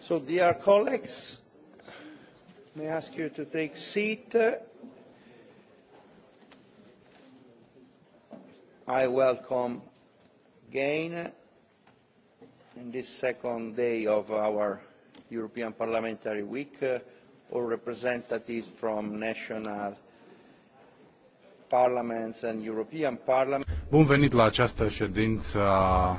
So, dear colleagues, may I ask you to take seat. I welcome again in this second day of our European Parliamentary Week uh, all representatives from national parliaments and European Parliament. Bun venit la această ședință a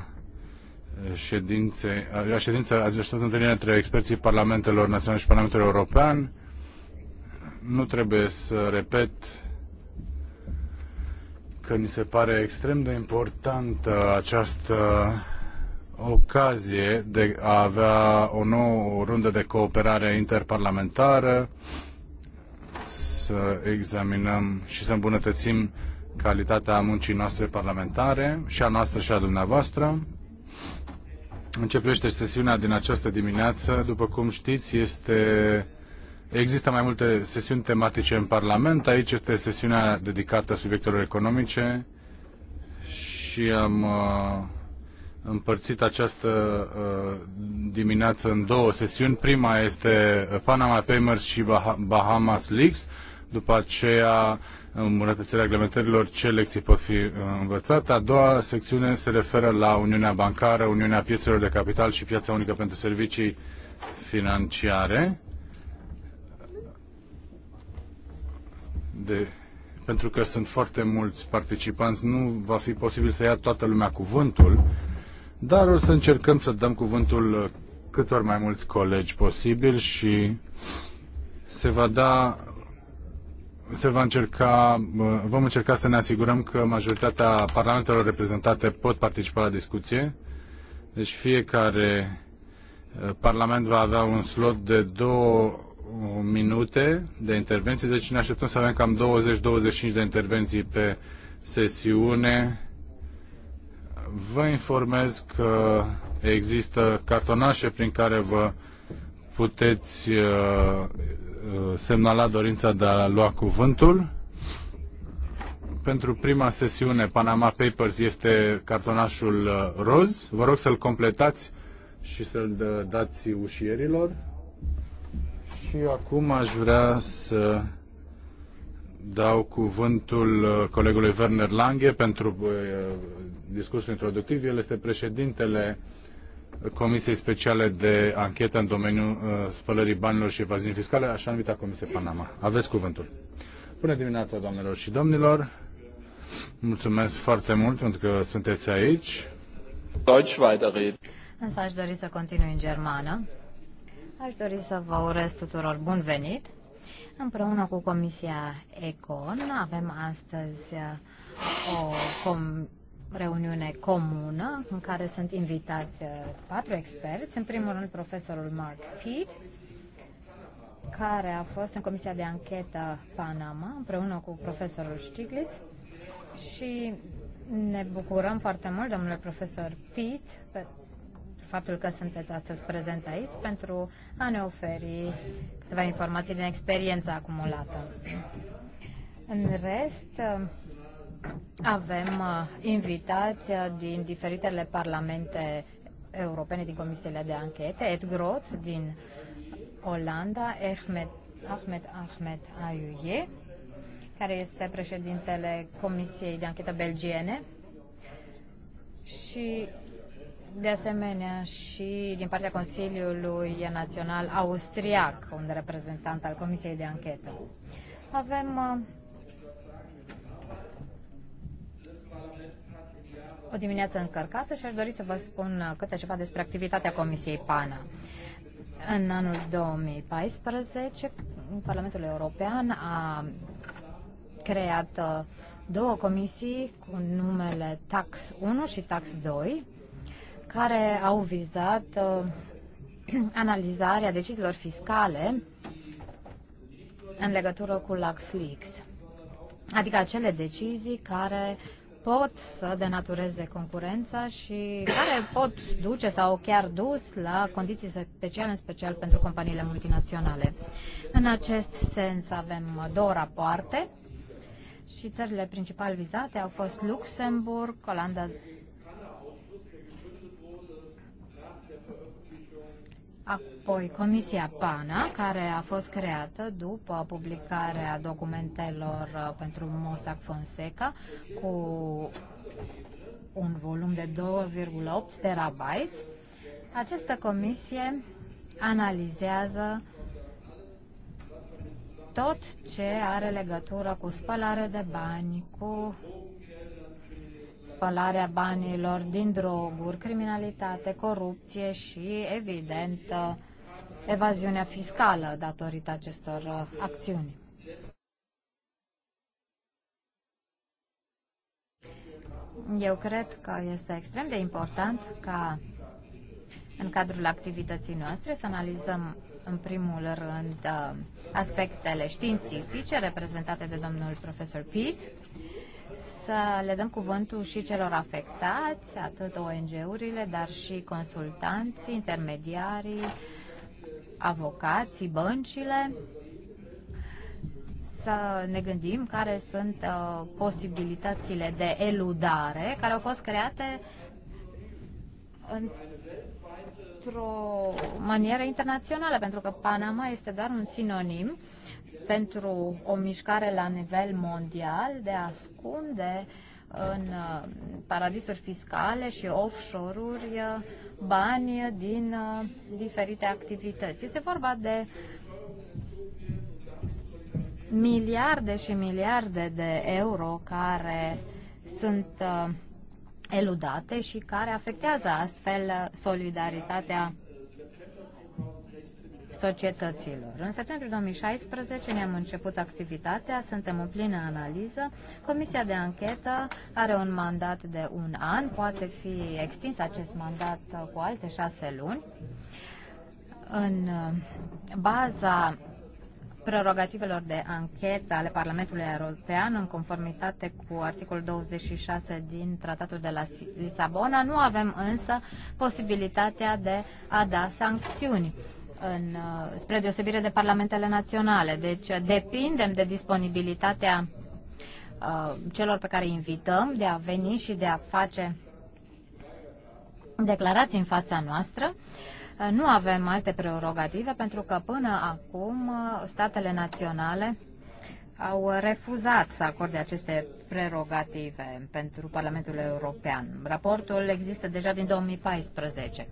ședințe, la ședința a gestat între experții Parlamentelor Naționale și Parlamentul European. Nu trebuie să repet că mi se pare extrem de importantă această ocazie de a avea o nouă rundă de cooperare interparlamentară, să examinăm și să îmbunătățim calitatea muncii noastre parlamentare și a noastră și a dumneavoastră. Începește sesiunea din această dimineață. După cum știți, este... există mai multe sesiuni tematice în Parlament. Aici este sesiunea dedicată subiectelor economice și am uh, împărțit această uh, dimineață în două sesiuni. Prima este Panama Papers și bah Bahamas Leaks. După aceea îmbunătățirea reglementărilor, ce lecții pot fi uh, învățate. A doua secțiune se referă la Uniunea Bancară, Uniunea Piețelor de Capital și Piața Unică pentru Servicii Financiare. De, pentru că sunt foarte mulți participanți, nu va fi posibil să ia toată lumea cuvântul, dar o să încercăm să dăm cuvântul uh, cât ori mai mulți colegi posibil și se va da se va încerca, vom încerca să ne asigurăm că majoritatea parlamentelor reprezentate pot participa la discuție. Deci fiecare uh, parlament va avea un slot de două uh, minute de intervenții, deci ne așteptăm să avem cam 20-25 de intervenții pe sesiune. Vă informez că există cartonașe prin care vă puteți uh, Uh, semnalat dorința de a lua cuvântul. Pentru prima sesiune, Panama Papers este cartonașul uh, roz. Vă rog să-l completați și să-l dați ușierilor. Și acum aș vrea să dau cuvântul uh, colegului Werner Lange pentru discursul introductiv. El este președintele Comisiei Speciale de Anchetă în domeniul uh, spălării banilor și evaziunii fiscale, așa numită Comisie Panama. Aveți cuvântul. Bună dimineața, doamnelor și domnilor. Mulțumesc foarte mult pentru că sunteți aici. Deutsch weiterreden. Însă aș dori să continui în germană. Aș dori să vă urez tuturor bun venit. Împreună cu Comisia Econ avem astăzi uh, o com- reuniune comună în care sunt invitați uh, patru experți. În primul rând, profesorul Mark Pitt, care a fost în Comisia de Anchetă Panama, împreună cu profesorul Stiglitz. Și ne bucurăm foarte mult, domnule profesor Pitt, pe faptul că sunteți astăzi prezent aici pentru a ne oferi câteva informații din experiența acumulată. În rest, avem uh, invitați uh, din diferitele parlamente europene din comisiile de anchete, Ed Groth din Olanda, Ahmed Ahmed Ahmed Ayuye, care este președintele Comisiei de Anchetă Belgiene și de asemenea și din partea Consiliului Național Austriac, un reprezentant al Comisiei de Anchetă. Avem uh, o dimineață încărcată și aș dori să vă spun câte ceva despre activitatea Comisiei PANA. În anul 2014, Parlamentul European a creat uh, două comisii cu numele Tax 1 și Tax 2, care au vizat uh, analizarea deciziilor fiscale în legătură cu LaxLeaks, adică acele decizii care pot să denatureze concurența și care pot duce sau chiar dus la condiții speciale, în special pentru companiile multinaționale. În acest sens avem două rapoarte și țările principal vizate au fost Luxemburg, Olanda, Apoi Comisia PANA, care a fost creată după publicarea documentelor uh, pentru Mossack Fonseca cu un volum de 2,8 terabytes. Această comisie analizează tot ce are legătură cu spălare de bani, cu spălarea banilor din droguri, criminalitate, corupție și, evident, evaziunea fiscală datorită acestor uh, acțiuni. Eu cred că este extrem de important ca în cadrul activității noastre să analizăm în primul rând uh, aspectele științifice reprezentate de domnul profesor Pitt să le dăm cuvântul și celor afectați, atât ONG-urile, dar și consultanții, intermediarii, avocații, băncile, să ne gândim care sunt uh, posibilitățile de eludare care au fost create într-o manieră internațională, pentru că Panama este doar un sinonim pentru o mișcare la nivel mondial de a ascunde în uh, paradisuri fiscale și offshore-uri uh, bani din uh, diferite activități. Este vorba de miliarde și miliarde de euro care sunt eludate și care afectează astfel solidaritatea societăților. În septembrie 2016 ne-am început activitatea, suntem în plină analiză. Comisia de anchetă are un mandat de un an, poate fi extins acest mandat cu alte șase luni. În uh, baza prerogativelor de anchetă ale Parlamentului European în conformitate cu articolul 26 din Tratatul de la Lisabona. Nu avem însă posibilitatea de a da sancțiuni în, uh, spre deosebire de parlamentele naționale. Deci uh, depindem de disponibilitatea uh, celor pe care îi invităm de a veni și de a face declarații în fața noastră. nu avem alte prerogative pentru că până acum statele naționale au refuzat să acorde aceste prerogative pentru Parlamentul European. Raportul există deja din 2014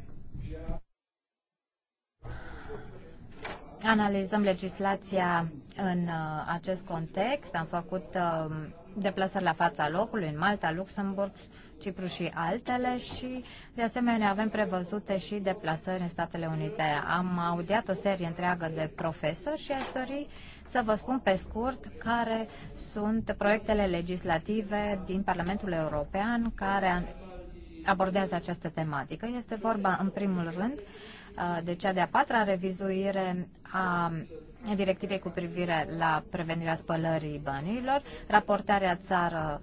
analizăm legislația în uh, acest context. Am făcut uh, deplasări la fața locului în Malta, Luxemburg, Cipru și altele și de asemenea avem prevăzute și deplasări în Statele Unite. Am audiat o serie întreagă de profesori și aș dori să vă spun pe scurt care sunt proiectele legislative din Parlamentul European care abordează această tematică. Este vorba în primul rând de deci cea de-a patra revizuire a directivei cu privire la prevenirea spălării banilor, raportarea țară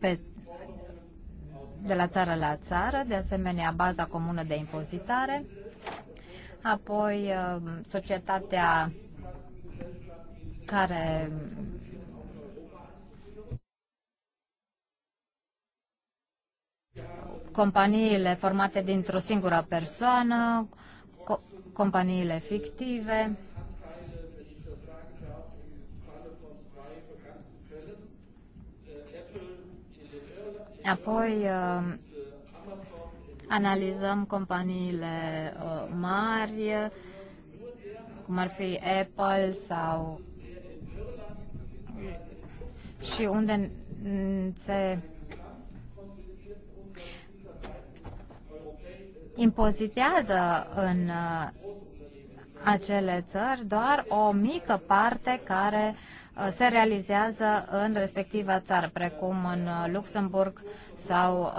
pe de la țară la țară, de asemenea baza comună de impozitare, apoi societatea care companiile formate dintr-o singură persoană, co companiile fictive. Apoi uh, analizăm companiile uh, mari, cum ar fi Apple sau și unde se impozitează în uh, acele țări doar o mică parte care uh, se realizează în respectiva țară, precum în uh, Luxemburg sau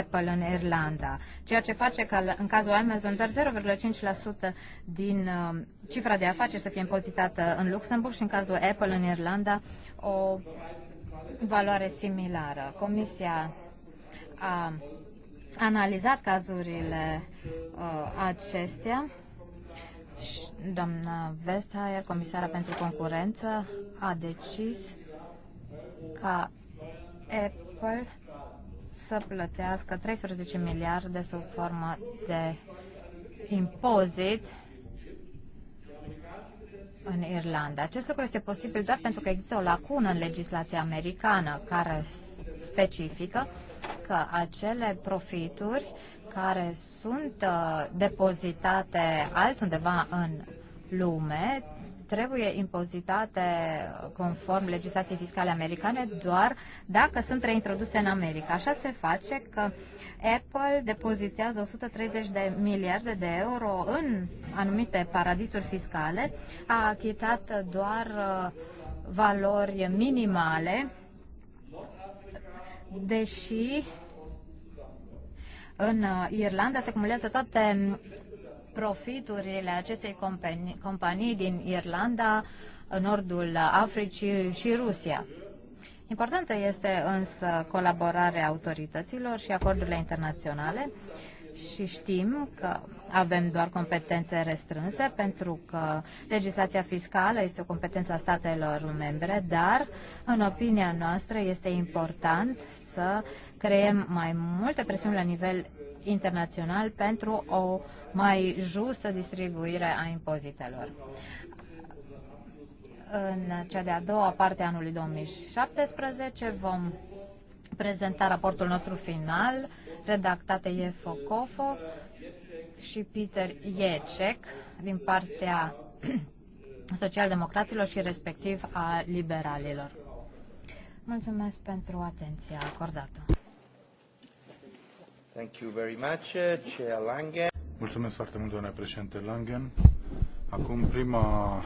Apple în Irlanda, ceea ce face ca în cazul Amazon doar 0,5% din cifra de afaceri să fie impozitată în Luxemburg și în cazul Apple în Irlanda o valoare similară. Comisia a analizat cazurile uh, acestea. Și doamna Vestager, comisara pentru concurență, a decis ca Apple să plătească 13 miliarde sub formă de impozit în Irlanda. Acest lucru este posibil doar pentru că există o lacună în legislația americană care specifică că acele profituri care sunt uh, depozitate altundeva în lume trebuie impozitate uh, conform legislației fiscale americane doar dacă sunt reintroduse în America. Așa se face că Apple depozitează 130 de miliarde de euro în anumite paradisuri fiscale, a achitat doar uh, valori minimale deși în uh, Irlanda se acumulează toate mm, profiturile acestei companii, companii din Irlanda, nordul Africii și Rusia. Importantă este însă colaborarea autorităților și acordurile internaționale și știm că avem doar competențe restrânse pentru că legislația fiscală este o competență a statelor membre, dar în opinia noastră este important să creăm mai multe presiuni la nivel internațional pentru o mai justă distribuire a impozitelor în cea de-a doua parte a anului 2017 vom prezenta raportul nostru final, redactat de Focofo și Peter Iecek din partea socialdemocraților și respectiv a liberalilor. Mulțumesc pentru atenția acordată. Thank you very much, uh, Chair Langen. Mulțumesc foarte mult, doamne președinte Langen. Acum prima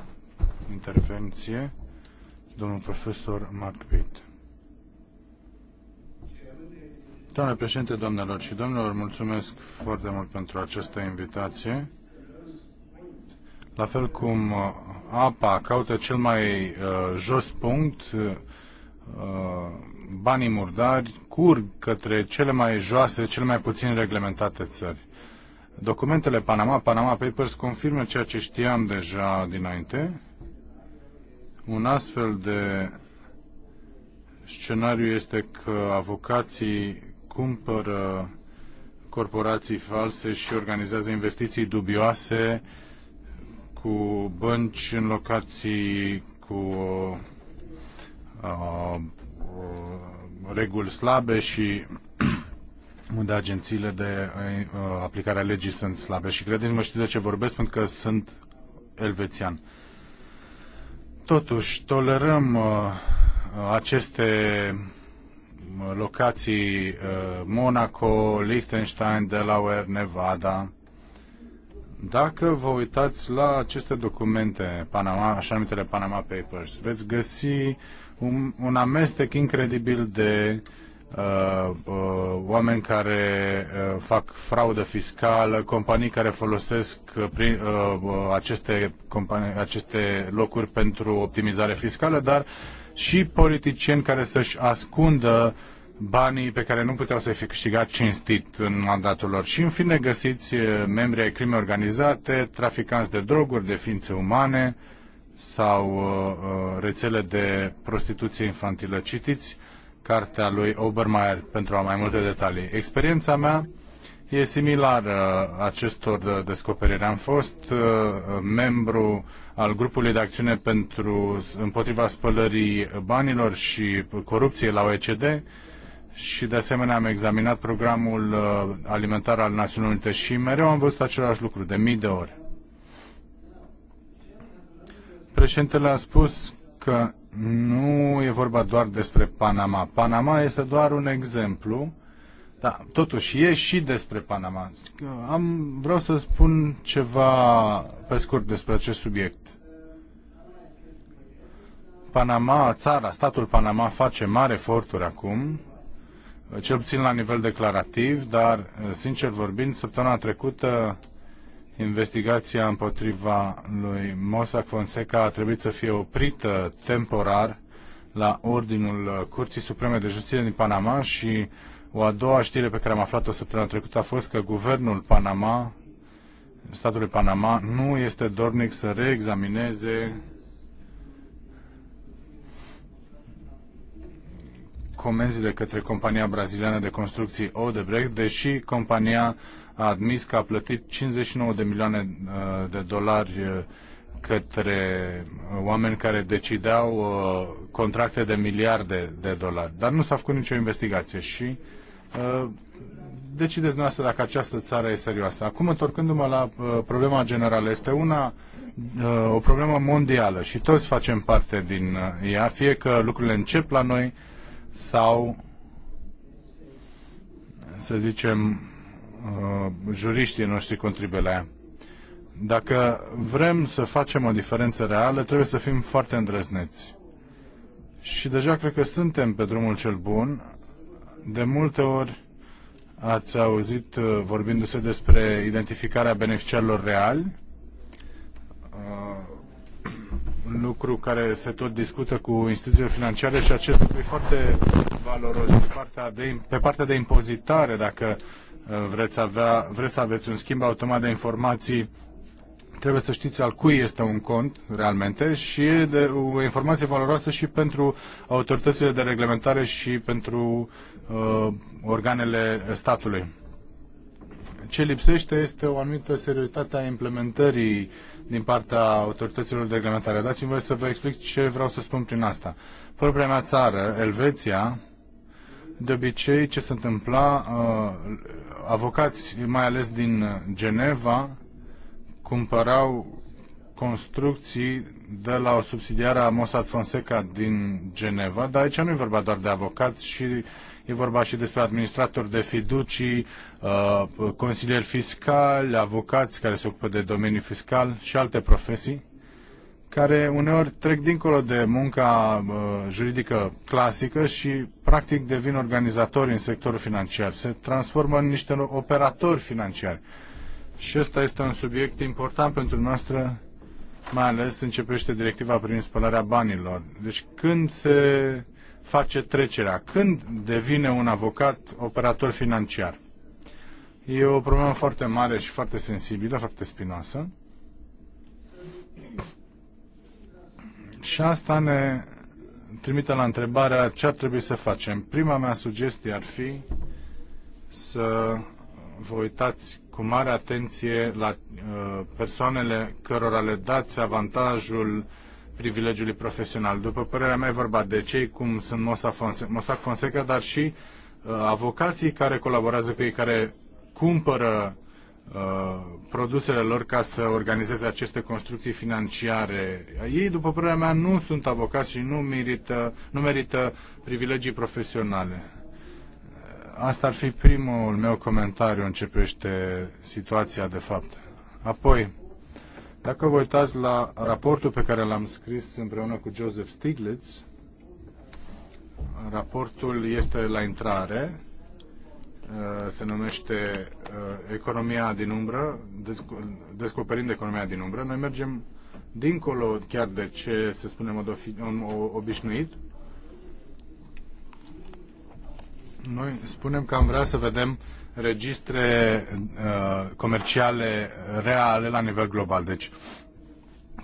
intervenție, domnul profesor Mark Pitt. Doamne președinte, doamnelor și domnilor, mulțumesc foarte mult pentru această invitație. La fel cum uh, apa caută cel mai uh, jos punct, uh, banii murdari curg către cele mai joase, cele mai puțin reglementate țări. Documentele Panama, Panama Papers, confirmă ceea ce știam deja dinainte. Un astfel de scenariu este că avocații cumpără corporații false și organizează investiții dubioase cu bănci în locații cu uh, uh reguli slabe și unde agențiile de uh, aplicare a legii sunt slabe. Și credeți-mă, știu de ce vorbesc, pentru că sunt elvețian. Totuși, tolerăm uh, aceste locații uh, Monaco, Liechtenstein, Delaware, Nevada. Dacă vă uitați la aceste documente, Panama, așa numitele Panama Papers, veți găsi un, un amestec incredibil de uh, uh, oameni care uh, fac fraudă fiscală, companii care folosesc uh, prin, uh, uh aceste, companii, aceste locuri pentru optimizare fiscală, dar uh, și politicieni care să-și ascundă banii pe care nu puteau să-i fi câștigat cinstit în mandatul lor. Și în fine găsiți eh, membri ai crime organizate, traficanți de droguri, de ființe umane sau uh, rețele de prostituție infantilă. Citiți cartea lui Obermeier pentru a mai multe detalii. Experiența mea e similar uh, acestor uh, descoperiri. Am fost uh, membru al grupului de acțiune pentru împotriva spălării banilor și corupției la OECD și de asemenea am examinat programul alimentar al Națiunilor Unite și mereu am văzut același lucru de mii de ori. Președintele a spus că nu e vorba doar despre Panama. Panama este doar un exemplu da, totuși e și despre Panama. Am, vreau să spun ceva pe scurt despre acest subiect. Panama, țara, statul Panama face mari eforturi acum, cel puțin la nivel declarativ, dar, sincer vorbind, săptămâna trecută investigația împotriva lui Mossack Fonseca a trebuit să fie oprită temporar la ordinul Curții Supreme de Justiție din Panama și o a doua știre pe care am aflat-o săptămâna trecută a fost că guvernul Panama, statului Panama, nu este dornic să reexamineze comenzile către compania braziliană de construcții Odebrecht, deși compania a admis că a plătit 59 de milioane uh, de dolari uh, către uh, oameni care decideau contracte de miliarde de dolari. Dar nu s-a făcut nicio investigație și uh, Uh, decideți dumneavoastră dacă această țară e serioasă. Acum, întorcându-mă la uh, problema generală, este una, uh, o problemă mondială și toți facem parte din ea, fie că lucrurile încep la noi sau, să zicem, juriștii noștri contribuie la ea. Dacă vrem să facem o diferență reală, trebuie să fim foarte îndrăzneți. Și deja cred că suntem pe drumul cel bun. De multe ori ați auzit uh, vorbindu-se despre identificarea beneficiarilor reali, uh, un lucru care se tot discută cu instituțiile financiare și acest lucru e foarte valoros pe partea de, pe partea de impozitare, dacă uh, vreți, avea, vreți să aveți un schimb automat de informații trebuie să știți al cui este un cont realmente și e de, o informație valoroasă și pentru autoritățile de reglementare și pentru Uh, organele statului. Ce lipsește este o anumită seriozitate a implementării din partea autorităților de reglementare. Dați-mi să vă explic ce vreau să spun prin asta. Propria mea țară, Elveția, de obicei ce se întâmpla, uh, avocați mai ales din Geneva cumpărau construcții de la o subsidiară a Mossad Fonseca din Geneva, dar aici nu e vorba doar de avocați și E vorba și despre administratori de fiducii, uh, consilieri fiscali, avocați care se ocupă de domeniul fiscal și alte profesii care uneori trec dincolo de munca uh, juridică clasică și practic devin organizatori în sectorul financiar. Se transformă în niște operatori financiari. Și ăsta este un subiect important pentru noastră, mai ales începește directiva privind spălarea banilor. Deci când se face trecerea? Când devine un avocat operator financiar? E o problemă foarte mare și foarte sensibilă, foarte spinoasă. Și asta ne trimite la întrebarea ce ar trebui să facem. Prima mea sugestie ar fi să vă uitați cu mare atenție la uh, persoanele cărora le dați avantajul privilegiului profesional. După părerea mea, e vorba de cei cum sunt Mossack Fonseca, dar și uh, avocații care colaborează cu ei, care cumpără uh, produsele lor ca să organizeze aceste construcții financiare. Ei, după părerea mea, nu sunt avocați și nu merită, nu merită privilegii profesionale. Uh, asta ar fi primul meu comentariu, începește situația de fapt. Apoi, dacă vă uitați la raportul pe care l-am scris împreună cu Joseph Stiglitz, raportul este la intrare, uh, se numește uh, Economia din umbră, descoperind economia din umbră. Noi mergem dincolo chiar de ce se spune în obișnuit. Noi spunem că am vrea să vedem uh, registre uh, comerciale reale la nivel global. Deci,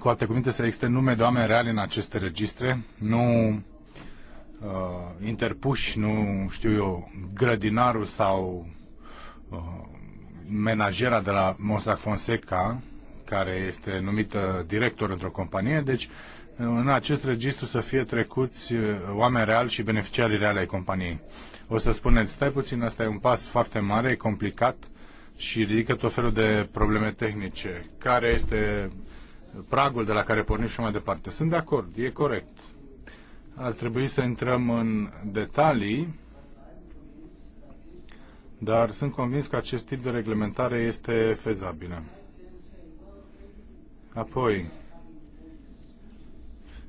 cu alte cuvinte, să existe nume de oameni reali în aceste registre, nu uh, interpuși, nu știu eu, grădinarul sau uh, menajera de la Mossack Fonseca, care este numită director într-o companie, deci în acest registru să fie trecuți uh, oameni reali și beneficiarii reali ai companiei. Uh, o să spuneți, stai puțin, asta e un pas foarte mare, e complicat și ridică tot felul de probleme tehnice. Care este pragul de la care pornim și mai departe? Sunt de acord, e corect. Ar trebui să intrăm în detalii, dar sunt convins că acest tip de reglementare este fezabilă. Apoi,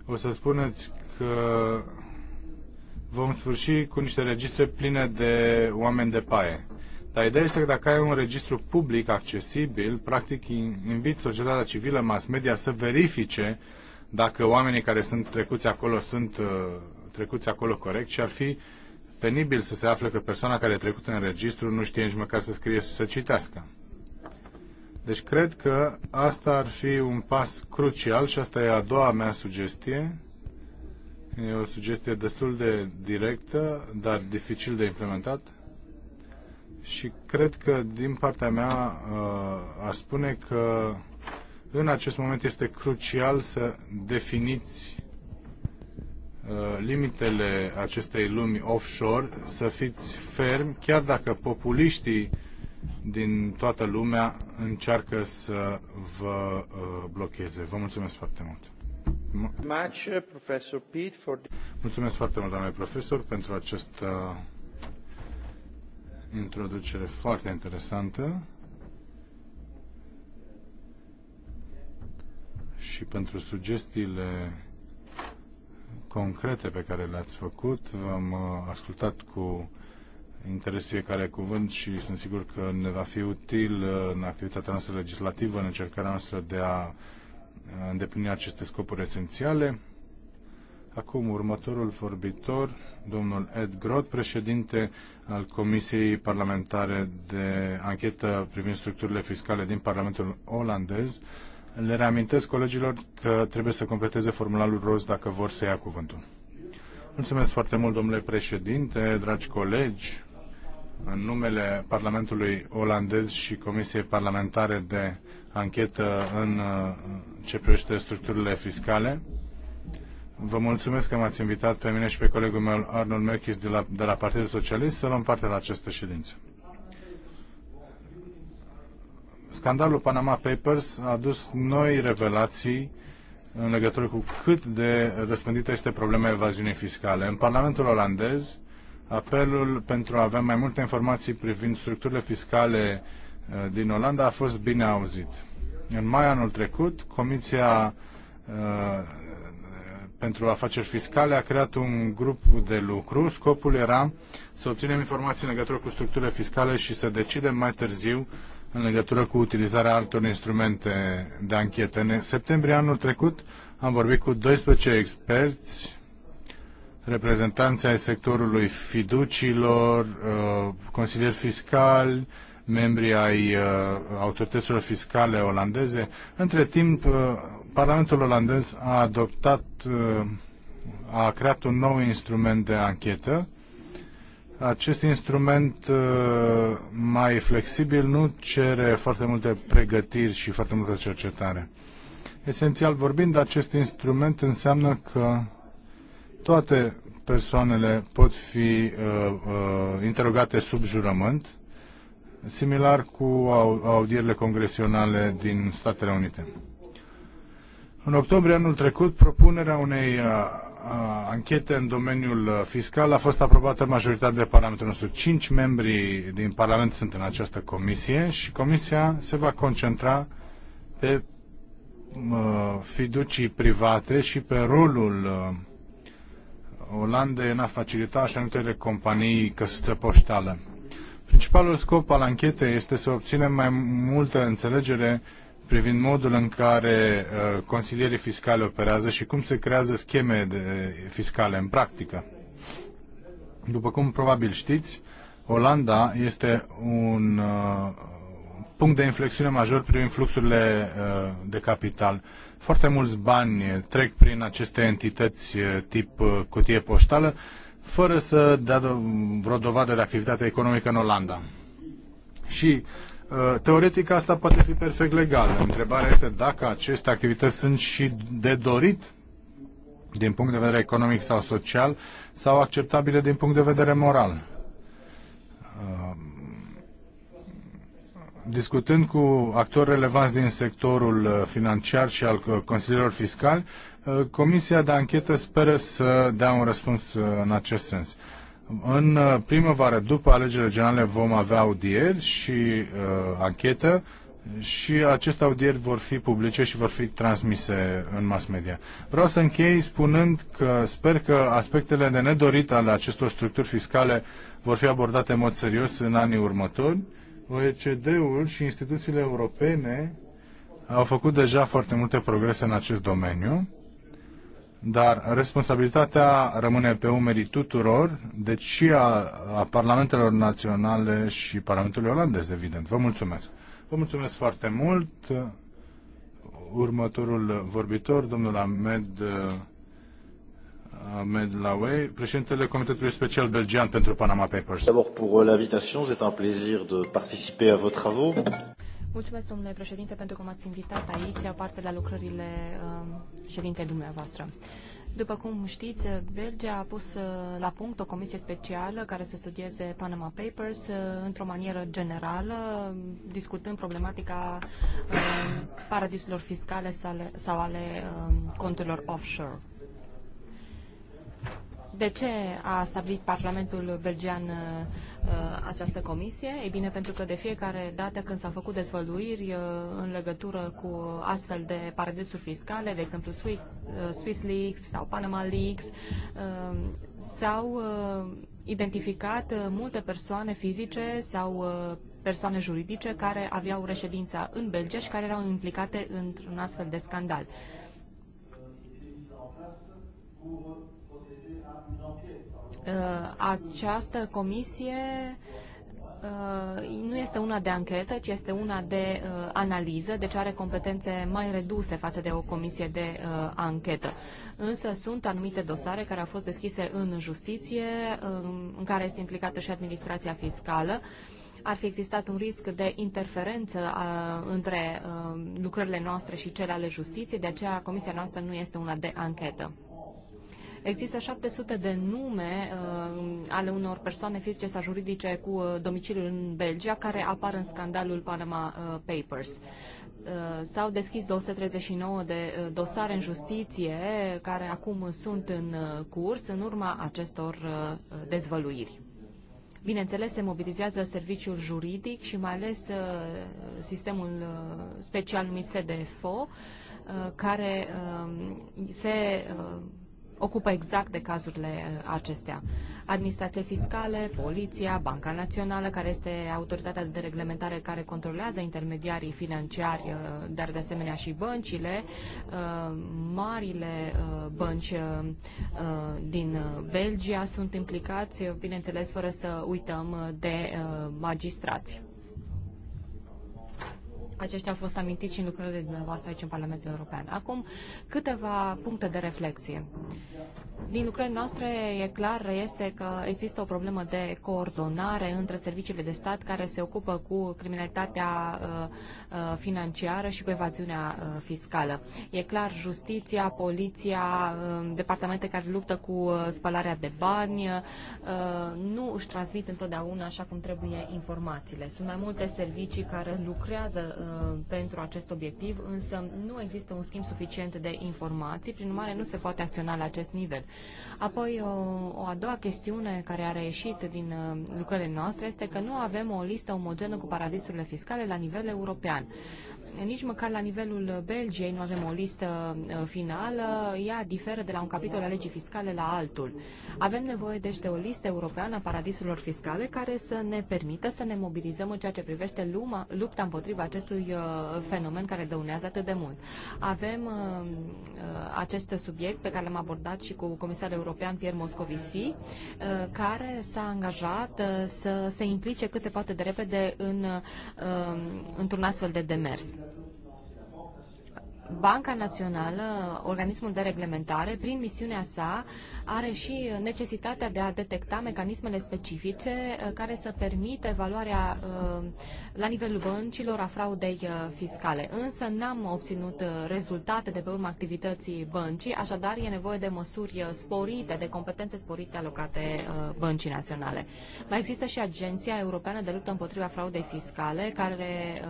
o să spuneți că vom sfârși cu niște registre pline de oameni de paie. Dar ideea este că dacă ai un registru public accesibil, practic invit societatea civilă, mass media să verifice dacă oamenii care sunt trecuți acolo sunt uh, trecuți acolo corect și ar fi penibil să se afle că persoana care a trecut în registru nu știe nici măcar să scrie să citească. Deci cred că asta ar fi un pas crucial și asta e a doua mea sugestie E o sugestie destul de directă, dar dificil de implementat. Și cred că, din partea mea, uh, a spune că în acest moment este crucial să definiți uh, limitele acestei lumi offshore, să fiți fermi, chiar dacă populiștii din toată lumea încearcă să vă uh, blocheze. Vă mulțumesc foarte mult! Uh, Mulțumesc foarte mult, doamne profesor, pentru această introducere foarte interesantă și pentru sugestiile concrete pe care le-ați făcut. V-am uh, ascultat cu interes fiecare cuvânt și sunt sigur că ne va fi util uh, în activitatea noastră legislativă, în încercarea noastră de a îndeplini aceste scopuri esențiale. Acum, următorul vorbitor, domnul Ed Grot, președinte al Comisiei Parlamentare de Anchetă privind structurile fiscale din Parlamentul olandez. Le reamintesc colegilor că trebuie să completeze formularul roz dacă vor să ia cuvântul. Mulțumesc foarte mult, domnule președinte, dragi colegi în numele Parlamentului olandez și Comisiei Parlamentare de Anchetă uh, în ce privește structurile fiscale. Vă mulțumesc că m-ați invitat pe mine și pe colegul meu Arnold Merkis de la, de la Partidul Socialist să luăm parte la această ședință. Scandalul Panama Papers a adus noi revelații în legătură cu cât de răspândită este problema evaziunii fiscale. În Parlamentul olandez, Apelul pentru a avea mai multe informații privind structurile fiscale uh, din Olanda a fost bine auzit. În mai anul trecut, Comisia uh, pentru afaceri fiscale a creat un grup de lucru. Scopul era să obținem informații în legătură cu structurile fiscale și să decidem mai târziu în legătură cu utilizarea altor instrumente de anchetă. În septembrie anul trecut am vorbit cu 12 experți reprezentanți ai sectorului fiducilor, uh, consilieri fiscali, membri ai uh, autorităților fiscale olandeze. Între timp, uh, Parlamentul olandez a adoptat, a creat un nou instrument de anchetă. Acest instrument mai flexibil nu cere foarte multe pregătiri și foarte multă cercetare. Esențial vorbind, acest instrument înseamnă că toate persoanele pot fi uh, uh, interogate sub jurământ, similar cu audierile congresionale din Statele Unite. În octombrie anul trecut, propunerea unei uh, uh anchete în domeniul uh, fiscal a fost aprobată majoritar de Parlamentul nostru. Cinci membri din Parlament sunt în această comisie și comisia se va concentra pe uh, fiducii private și pe rolul Olandei în a facilita și anumitele companii căsuță poștală. Principalul scop al anchetei este să obținem mai multă înțelegere privind modul în care uh, consilierii fiscale operează și cum se creează scheme de, fiscale în practică. După cum probabil știți, Olanda este un uh, punct de inflexiune major privind fluxurile uh, de capital. Foarte mulți bani trec prin aceste entități uh, tip uh, cutie poștală, fără să dea vreo dovadă de activitate economică în Olanda. Și teoretic asta poate fi perfect legal. Întrebarea este dacă aceste activități sunt și de dorit din punct de vedere economic sau social sau acceptabile din punct de vedere moral discutând cu actori relevanți din sectorul uh, financiar și al uh, consilierilor fiscali, uh, Comisia de anchetă speră să dea un răspuns în acest sens. În primăvară, după alegerile generale, vom avea audieri și uh, anchetă și aceste audieri vor fi publice și vor fi transmise în mass media. Vreau să închei spunând că sper că aspectele de nedorit ale acestor structuri fiscale vor fi abordate în mod serios în anii următori OECD-ul și instituțiile europene au făcut deja foarte multe progrese în acest domeniu, dar responsabilitatea rămâne pe umerii tuturor, deci și a, a parlamentelor naționale și parlamentului olandez, evident. Vă mulțumesc. Vă mulțumesc foarte mult. Următorul vorbitor, domnul Ahmed Ahmed președintele Comitetului Special Belgian pentru Panama Papers. D'abord pour euh, l'invitation, c'est un plaisir de participer à vos travaux. Mulțumesc, domnule președinte, pentru că m-ați invitat aici, aparte la lucrările um, ședinței dumneavoastră. După cum știți, Belgia a pus uh, la punct o comisie specială care să studieze Panama Papers uh, într-o manieră generală, discutând problematica uh, paradisurilor fiscale sau ale um, conturilor offshore. De ce a stabilit Parlamentul belgian uh, uh, această comisie? Ei bine, pentru că de fiecare dată când s-au făcut dezvăluiri uh, în legătură cu astfel de paradisuri fiscale, de exemplu Swiss, Swiss Leaks sau Panama Leaks, s-au identificat multe persoane fizice sau persoane juridice care aveau reședința în Belgia și care erau implicate într-un astfel de scandal. Uh, această comisie uh, nu este una de anchetă, ci este una de uh, analiză, deci are competențe mai reduse față de o comisie de anchetă. Însă sunt anumite dosare care au fost deschise în justiție, um, în care este implicată și administrația fiscală. Ar fi existat un risc de interferență a, între a, um, lucrările noastre și cele ale justiției, de aceea comisia noastră nu este una de anchetă. Există 700 de nume uh, ale unor persoane fizice sau juridice cu uh, domiciliul în Belgia care apar în scandalul Panama uh, Papers s-au deschis 239 de dosare în justiție care acum sunt în curs în urma acestor dezvăluiri. Bineînțeles, se mobilizează serviciul juridic și mai ales sistemul special numit SDFO, care se ocupă exact de cazurile uh, acestea. Administrație fiscale, poliția, Banca Națională, care este autoritatea de reglementare care controlează intermediarii financiari, uh, dar de asemenea și băncile, uh, marile bănci din Belgia sunt implicați, bineînțeles, fără să uităm de magistrați aceștia au fost amintiți și în lucrările dumneavoastră aici în Parlamentul European. Acum, câteva puncte de reflexie. Din lucrările noastre e clar, este că există o problemă de coordonare între serviciile de stat care se ocupă cu criminalitatea uh, uh, financiară și cu evaziunea uh, fiscală. E clar, justiția, poliția, um, departamente care luptă cu spălarea de bani, nu își transmit întotdeauna așa cum trebuie informațiile. Sunt mai multe servicii care lucrează Uh, pentru acest obiectiv, însă nu există un schimb suficient de informații, prin urmare nu se poate acționa la acest nivel. Apoi, o, uh, o a doua chestiune care a reieșit din uh, lucrările noastre este că nu avem o listă omogenă cu paradisurile fiscale la nivel european. Nici măcar la nivelul Belgiei nu avem o listă uh, finală, ea diferă de la un capitol al legii fiscale la altul. Avem nevoie deci de o listă europeană a paradisurilor fiscale care să ne permită să ne mobilizăm în ceea ce privește luma, lupta împotriva acestui uh, fenomen care dăunează atât de mult. Avem uh, acest subiect pe care l-am abordat și cu comisarul european Pierre Moscovici, care s-a angajat să se implice cât se poate de repede în, într-un astfel de demers. Banca Națională, organismul de reglementare, prin misiunea sa, are și necesitatea de a detecta mecanismele specifice uh, care să permită evaluarea uh, la nivelul băncilor a fraudei uh, fiscale. Însă n-am obținut rezultate de pe urma activității băncii, așadar e nevoie de măsuri sporite, de competențe sporite alocate băncii naționale. Mai există și Agenția Europeană de Luptă împotriva fraudei fiscale, care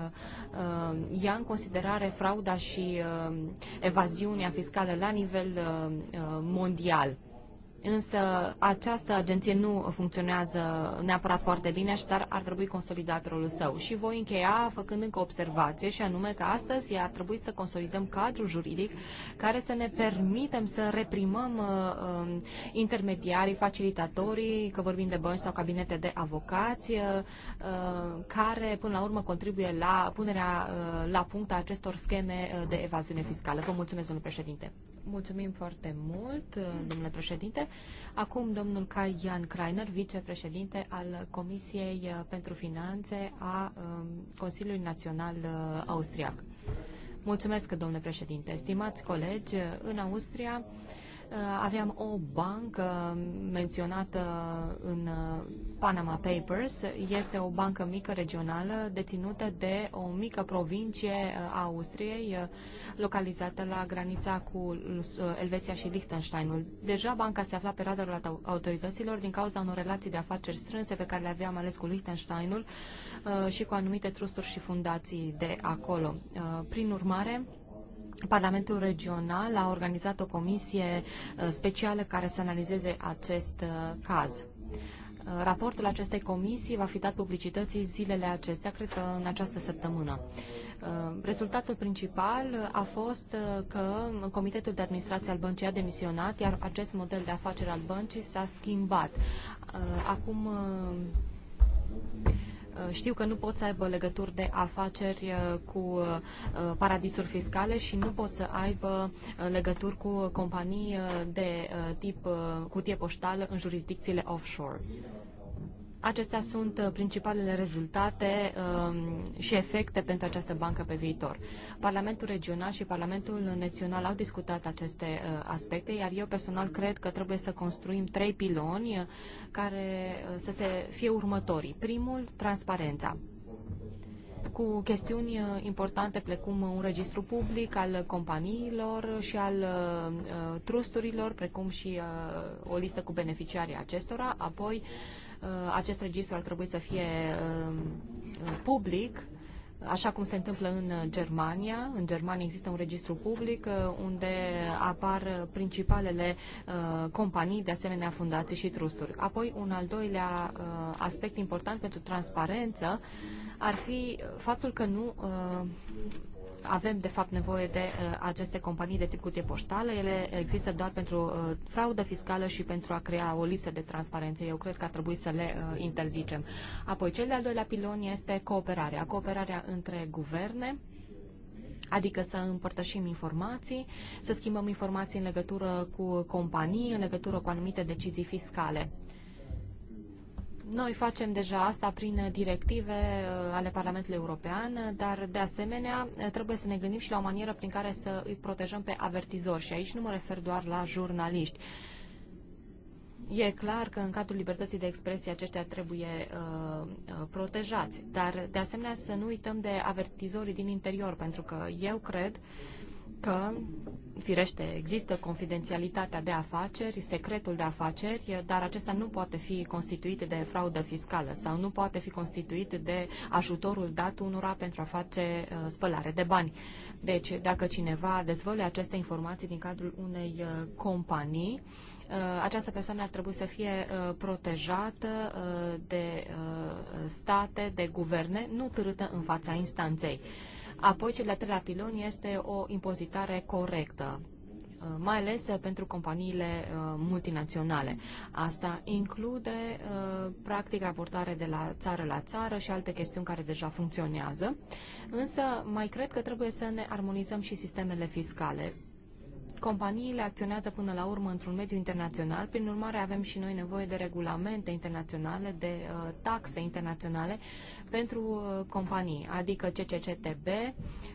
ia în considerare frauda și evaziunea fiscală la nivel uh, uh, mondial. Însă această agenție nu funcționează neapărat foarte bine, dar ar trebui consolidat rolul său. Și voi încheia făcând încă observație și anume că astăzi ar trebui să consolidăm cadrul juridic care să ne permitem să reprimăm uh, um, intermediarii, facilitatorii, că vorbim de bănci sau cabinete de avocați, uh, care până la urmă contribuie la punerea uh, la punct a acestor scheme uh, de evaziune fiscală. Vă mulțumesc, domnule președinte. Mulțumim foarte mult, domnule președinte. Acum domnul Kai Jan Kreiner, vicepreședinte al Comisiei pentru Finanțe a um, Consiliului Național uh, Austriac. Mulțumesc, domnule președinte. Stimați colegi, în Austria Uh, aveam o bancă menționată în uh, Panama Papers. Este o bancă mică regională deținută de o mică provincie a uh, Austriei localizată la granița cu Elveția și Liechtensteinul. Deja banca se afla pe radarul autorităților din cauza unor relații de afaceri strânse pe care le aveam ales cu Liechtensteinul și cu anumite trusturi și fundații de acolo. Prin urmare, Parlamentul Regional a organizat o comisie uh, specială care să analizeze acest uh, caz. Uh, raportul acestei comisii va fi dat publicității zilele acestea, cred că în această săptămână. Rezultatul principal a fost că Comitetul de Administrație al Băncii a demisionat, iar acest model de afacere al băncii s-a schimbat. Acum Uh, știu că nu pot să aibă legături de afaceri uh, cu uh, paradisuri fiscale și nu pot să aibă legături cu companii de tip cutie poștală în jurisdicțiile offshore. Acestea sunt uh, principalele rezultate um, și efecte pentru această bancă pe viitor. Parlamentul regional și Parlamentul național au discutat aceste uh, aspecte, iar eu personal cred că trebuie să construim trei piloni uh, care să se fie următorii. Primul, transparența cu chestiuni importante precum un registru public al companiilor și al trusturilor, precum și o listă cu beneficiarii acestora, apoi Uh, acest registru ar trebui să fie um, uh, public, așa cum se întâmplă în uh, Germania. În Germania există un registru public unde apar principalele companii, de asemenea fundații și trusturi. Apoi, un al doilea aspect important pentru transparență ar fi faptul că nu avem, de fapt, nevoie de uh, aceste companii de tip cutie poștală. Ele există doar pentru uh, fraudă fiscală și pentru a crea o lipsă de transparență. Eu cred că ar trebui să le uh, interzicem. Apoi, cel de-al doilea pilon este cooperarea. Cooperarea între guverne, adică să împărtășim informații, să schimbăm informații în legătură cu companii, în legătură cu anumite decizii fiscale. Noi facem deja asta prin directive uh, ale Parlamentului European, dar de asemenea uh, trebuie să ne gândim și la o manieră prin care să îi protejăm pe avertizori și aici nu mă refer doar la jurnaliști. E clar că în cadrul libertății de expresie aceștia trebuie uh, uh protejați, dar de asemenea să nu uităm de avertizorii din interior, pentru că eu cred uh, că, firește, există confidențialitatea de afaceri, secretul de afaceri, dar acesta nu poate fi constituit de fraudă fiscală sau nu poate fi constituit de ajutorul dat unora pentru a face uh, spălare de bani. Deci, dacă cineva dezvăluie aceste informații din cadrul unei uh, companii, uh, această persoană ar trebui să fie protejată de state, de guverne, nu târâtă în fața instanței. Apoi, cel de-al treilea pilon este o impozitare corectă uh, mai ales uh, pentru companiile uh, multinaționale. Asta include, practic, raportare de la țară la țară și alte chestiuni care deja funcționează, însă mai cred că trebuie să ne armonizăm și sistemele fiscale. Companiile acționează până la urmă într-un mediu internațional, prin urmare avem și noi nevoie de regulamente internaționale, de uh, taxe internaționale pentru uh, companii, adică CCCTB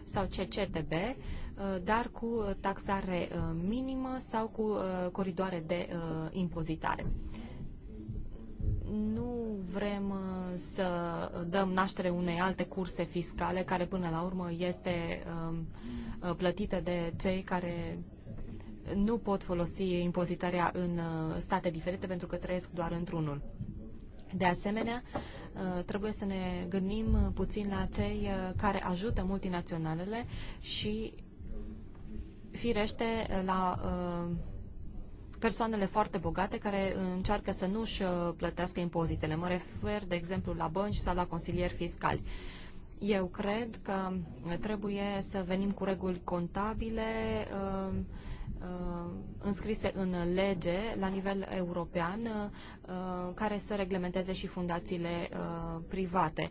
sau CCTB, uh, dar cu taxare uh, minimă sau cu uh, coridoare de uh, impozitare nu vrem uh, să dăm naștere unei alte curse fiscale care până la urmă este um, uh, plătită de cei care nu pot folosi impozitarea în uh, state diferite pentru că trăiesc doar într-unul. De asemenea, uh, trebuie să ne gândim puțin la cei uh, care ajută multinaționalele și firește la persoanele foarte bogate care încearcă să nu-și plătească impozitele. Mă refer, de exemplu, la bănci sau la consilieri fiscali. Eu cred că trebuie să venim cu reguli contabile Uh, înscrise în lege la nivel european uh, care să reglementeze și fundațiile uh, private.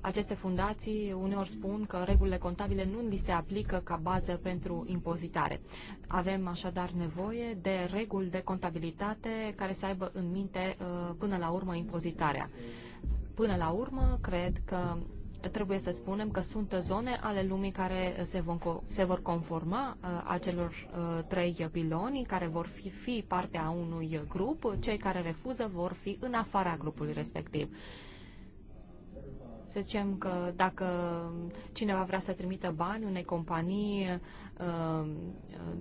Aceste fundații uneori spun că regulile contabile nu li se aplică ca bază pentru impozitare. Avem așadar nevoie de reguli de contabilitate care să aibă în minte până la urmă impozitarea. Până la urmă, cred că trebuie să spunem că sunt zone ale lumii care se, vom, se vor conforma uh, acelor uh, trei piloni, care vor fi, fi partea unui grup, cei care refuză vor fi în afara grupului respectiv. Să zicem că dacă cineva vrea să trimită bani unei companii Uh,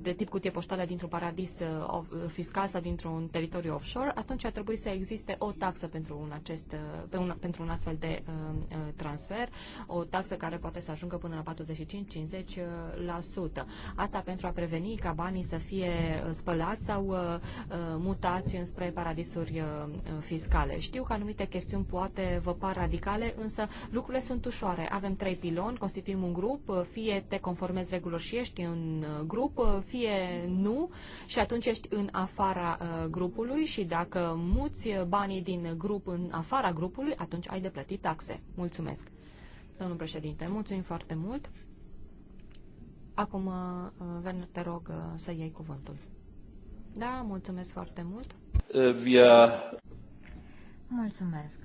de tip cutie poștală dintr-un paradis uh, uh, fiscal sau dintr-un teritoriu offshore, atunci ar trebui să existe o taxă pentru un, acest, pe un, pentru un astfel de transfer, o taxă care poate să ajungă până la 45-50%. Asta pentru a preveni ca banii să fie spălați sau mutați înspre paradisuri fiscale. Știu că anumite chestiuni poate vă par radicale, însă lucrurile sunt ușoare. Avem trei piloni, constituim un grup, fie te conformezi regulilor și ești în uh, grup, uh, fie nu și atunci ești în afara uh, grupului și dacă muți banii din grup în afara grupului, atunci ai de plătit taxe. Mulțumesc. Domnul președinte, mulțumim foarte mult. Acum, Werner, te rog să iei cuvântul. Da, mulțumesc foarte mult. Via... Mulțumesc.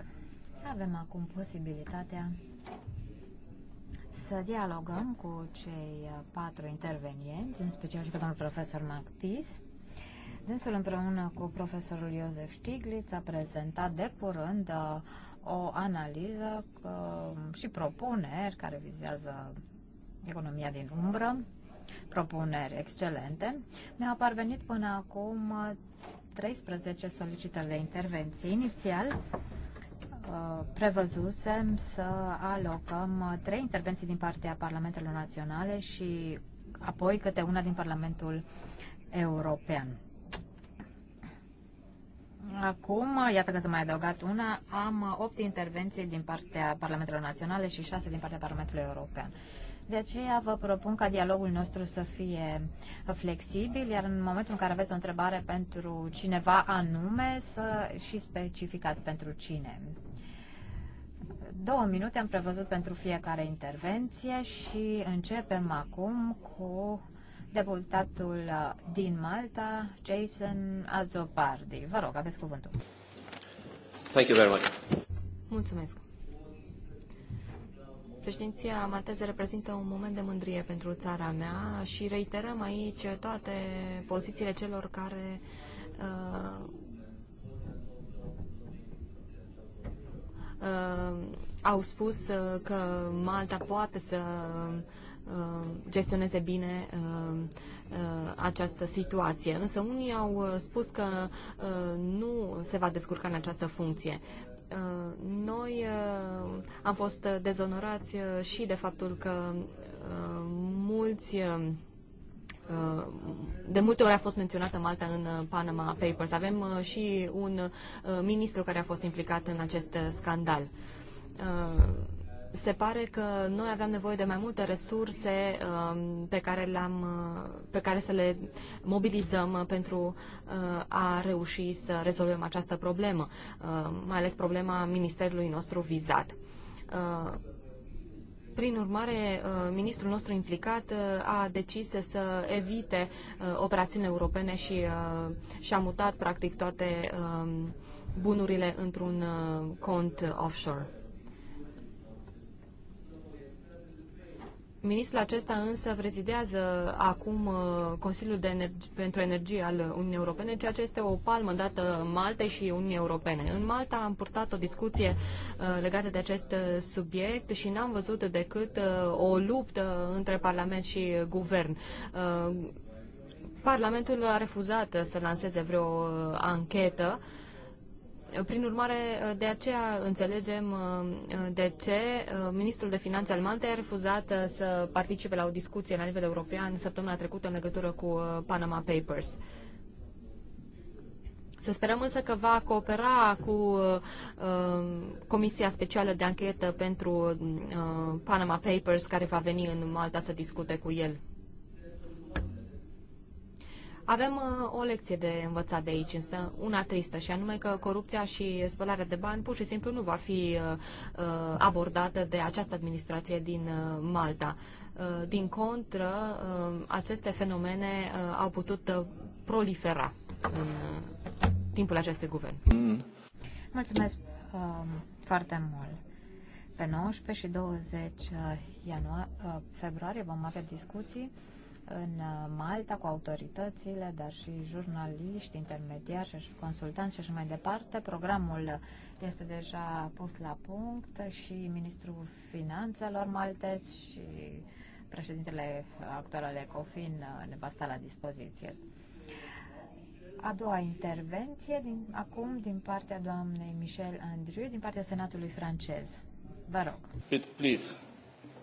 Avem acum posibilitatea să dialogăm cu cei uh, patru intervenienți, în special și cu domnul profesor Mactis. Dânsul împreună cu profesorul Iosef Stiglitz a prezentat de curând uh, o analiză uh, și propuneri care vizează economia din umbră, propuneri excelente. Mi-au parvenit până acum 13 solicitări de intervenție Inițial, Uh, prevăzusem să alocăm uh, trei intervenții din partea Parlamentelor Naționale și apoi câte una din Parlamentul European. Acum, uh, iată că s-a mai adăugat una, am opt intervenții din partea Parlamentelor Naționale și șase din partea Parlamentului European. De aceea vă propun ca dialogul nostru să fie flexibil, iar în momentul în care aveți o întrebare pentru cineva anume, să și specificați pentru cine. Două minute am prevăzut pentru fiecare intervenție și începem acum cu deputatul din Malta, Jason Azopardi. Vă rog, aveți cuvântul. Thank you very much. Mulțumesc. Președinția malteză reprezintă un moment de mândrie pentru țara mea și reiterăm aici toate pozițiile celor care uh, uh, au spus uh, că Malta poate să uh, gestioneze bine uh, această situație. Însă unii au spus că nu se va descurca în această funcție. Uh, noi uh, am fost dezonorați uh, și de faptul că mulți de multe ori a fost menționată Malta în Panama Papers. Avem și un ministru care a fost implicat în acest scandal se pare că noi aveam nevoie de mai multe resurse um, pe care, le-am, uh, pe care să le mobilizăm pentru uh, a reuși să rezolvăm această problemă, uh, mai ales problema ministerului nostru vizat. Prin urmare, ministrul nostru implicat a decis să evite operațiunile europene și și-a mutat practic toate um, bunurile într-un cont offshore. Ministrul acesta însă prezidează acum uh, Consiliul de Energi- pentru Energie al Uniunii Europene, ceea ce este o palmă dată Maltei și Uniunii Europene. În Malta am purtat o discuție uh, legată de acest uh, subiect și n-am văzut decât o luptă între Parlament și Guvern. Parlamentul a refuzat să lanseze vreo anchetă uh, prin urmare, de aceea înțelegem uh, de ce uh, ministrul de finanțe al Maltei a refuzat uh, să participe la o discuție la nivel european săptămâna trecută în legătură cu Panama Papers. Să sperăm însă că va coopera cu uh, Comisia Specială de Anchetă pentru uh, Panama Papers, care va veni în Malta să discute cu el. Avem uh, o lecție de învățat de aici, însă una tristă, și anume că corupția și spălarea de bani pur și simplu nu va fi uh, uh, abordată de această administrație din Malta. Din contră, aceste fenomene au putut prolifera în timpul acestui guvern. Mm. Mulțumesc um, foarte mult. Pe 19 și 20 ianuar, februarie vom avea discuții în Malta cu autoritățile, dar și jurnaliști, intermediari și consultanți și așa mai departe. Programul este deja pus la punct și Ministrul Finanțelor maltez și președintele actual al ECOFIN uh, ne va sta la dispoziție. A doua intervenție din, acum din partea doamnei Michel Andriu, din partea Senatului francez. Vă rog. Please.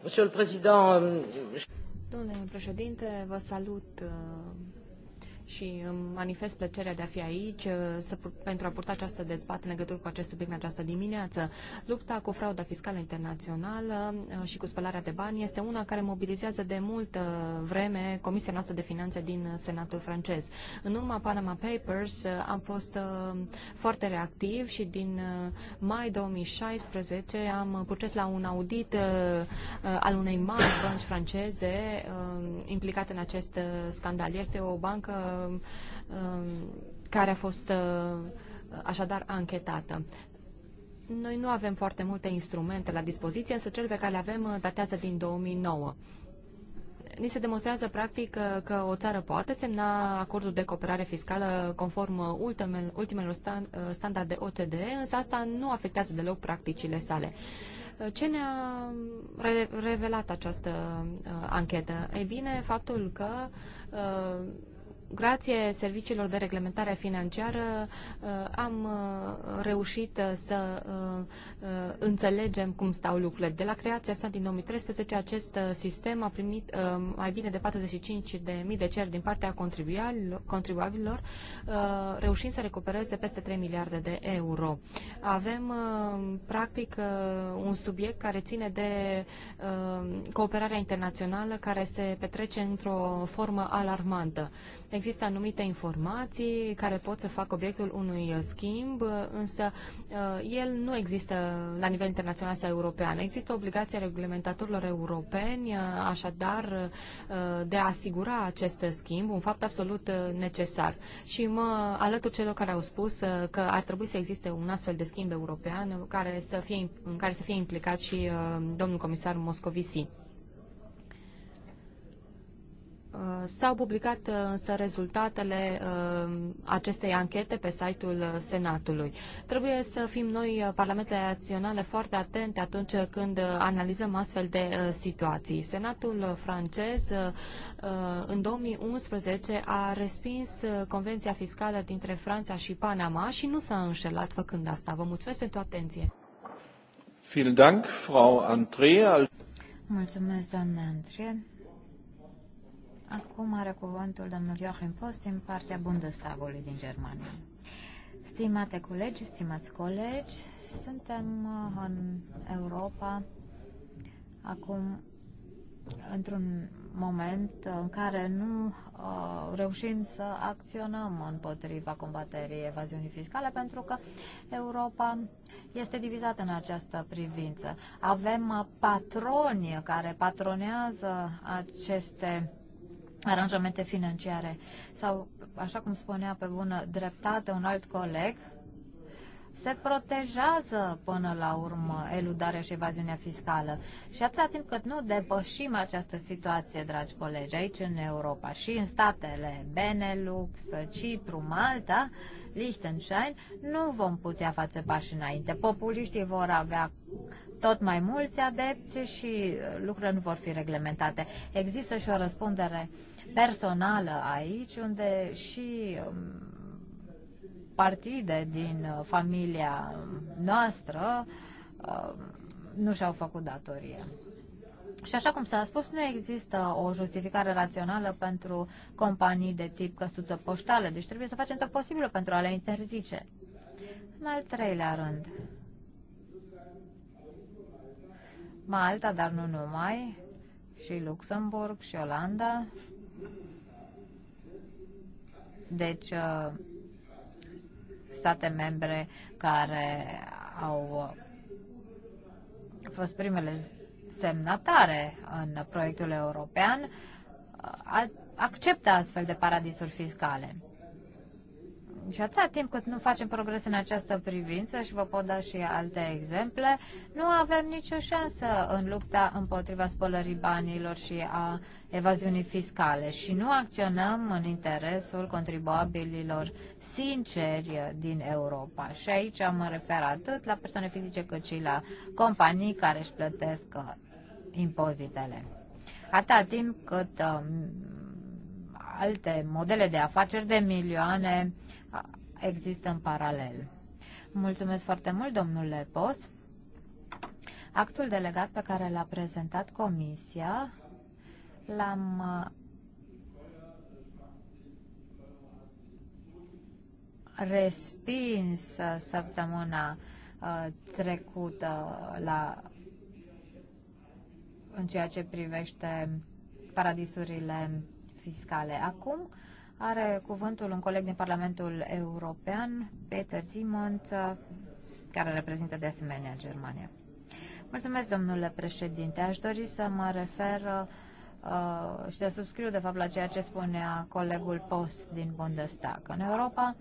Monsieur le Président, euh, Domnule președinte, vă salut uh, și îmi manifest plăcerea de a fi aici uh, să, pentru a purta această dezbatere în legătură cu acest subiect în această dimineață. Lupta cu frauda fiscală internațională uh, și cu spălarea de bani este una care mobilizează de multă vreme Comisia noastră de Finanțe din Senatul francez. În urma Panama Papers uh, am fost foarte reactiv și din mai 2016 am proces la un audit al unei mari bănci franceze implicate în acest scandal. Este o bancă Um, um, care a fost uh, așadar anchetată. Noi nu avem foarte multe instrumente la dispoziție, însă cel pe care le avem uh, datează din 2009 ni se demonstrează practic uh, că, o țară poate semna acordul de cooperare fiscală conform ultimelor standarde OCDE, însă asta nu afectează deloc practicile sale. Ce ne-a um, re revelat această anchetă? Ei bine, faptul că uh, grație serviciilor de reglementare financiară uh, am uh, reușit uh, să înțelegem cum stau lucrurile. De la creația sa din 2013, acest sistem a primit mai bine de 45.000 de de cereri din partea contribuabililor, reușind să recupereze peste 3 miliarde de euro. Avem, practic, un subiect care ține de cooperarea internațională, care se petrece într-o formă alarmantă. Există anumite informații care pot să facă obiectul unui uh, schimb, însă uh, el nu există la nivel internațional sau european. Există obligația reglementatorilor europeni, uh, așadar, de a asigura acest schimb, un fapt absolut necesar. Și mă alătur celor care au spus că ar trebui să existe un astfel de schimb european care să fie, în care să fie implicat și domnul comisar Moscovici. Uh, s-au publicat uh, însă rezultatele uh, acestei anchete pe site-ul Senatului. Trebuie să fim noi, Parlamentele Naționale, foarte atente atunci când analizăm astfel de situații. Senatul francez în 2011 a respins Convenția Fiscală dintre Franța și Panama și nu s-a înșelat făcând asta. Vă mulțumesc pentru atenție. Vielen Dank, Frau Andrea. Mulțumesc, doamne Andrea. Acum are cuvântul domnul Joachim Post din partea Bundestagului din Germania. Stimate colegi, stimați colegi, suntem uh, în Europa acum într-un moment în care nu uh, reușim să acționăm împotriva combaterii evaziunii fiscale pentru că Europa este divizată în această privință. Avem uh, patroni care patronează aceste aranjamente financiare. Sau, așa cum spunea pe bună dreptate un alt coleg, se protejează până la urmă eludarea și evaziunea fiscală. Și atâta timp cât nu depășim această situație, dragi colegi, aici în Europa și în statele Benelux, Cipru, Malta, Liechtenstein, nu vom putea face pași înainte. Populiștii vor avea tot mai mulți adepți și uh, lucrurile nu vor fi reglementate. Există și o răspundere personală aici, unde și um, partide din uh, familia noastră uh, nu și-au făcut datorie. Și așa cum s-a spus, nu există o justificare rațională pentru companii de tip căsuță poștală, deci trebuie să facem tot posibilul pentru a le interzice. În al treilea rând, Malta, dar nu numai, și Luxemburg și Olanda. Deci, uh, state membre care au fost primele semnatare în proiectul european uh, acceptă astfel de paradisuri fiscale. Și atâta timp cât nu facem progres în această privință, și vă pot da și alte exemple, nu avem nicio șansă în lupta împotriva spălării banilor și a evaziunii fiscale și nu acționăm în interesul contribuabililor sinceri din Europa. Și aici mă refer atât la persoane fizice cât și la companii care își plătesc uh, impozitele. Atâta timp cât um, alte modele de afaceri de milioane există în paralel. Mulțumesc foarte mult, domnule Pos. Actul delegat pe care l-a prezentat Comisia l-am uh, respins săptămâna uh, trecută la, în ceea ce privește paradisurile fiscale. Acum are cuvântul un coleg din Parlamentul European, Peter Zimont, care reprezintă de asemenea Germania. Mulțumesc, domnule președinte. Aș dori să mă refer uh, și să subscriu, de fapt, la ceea ce spunea colegul Post din Bundestag. În Europa,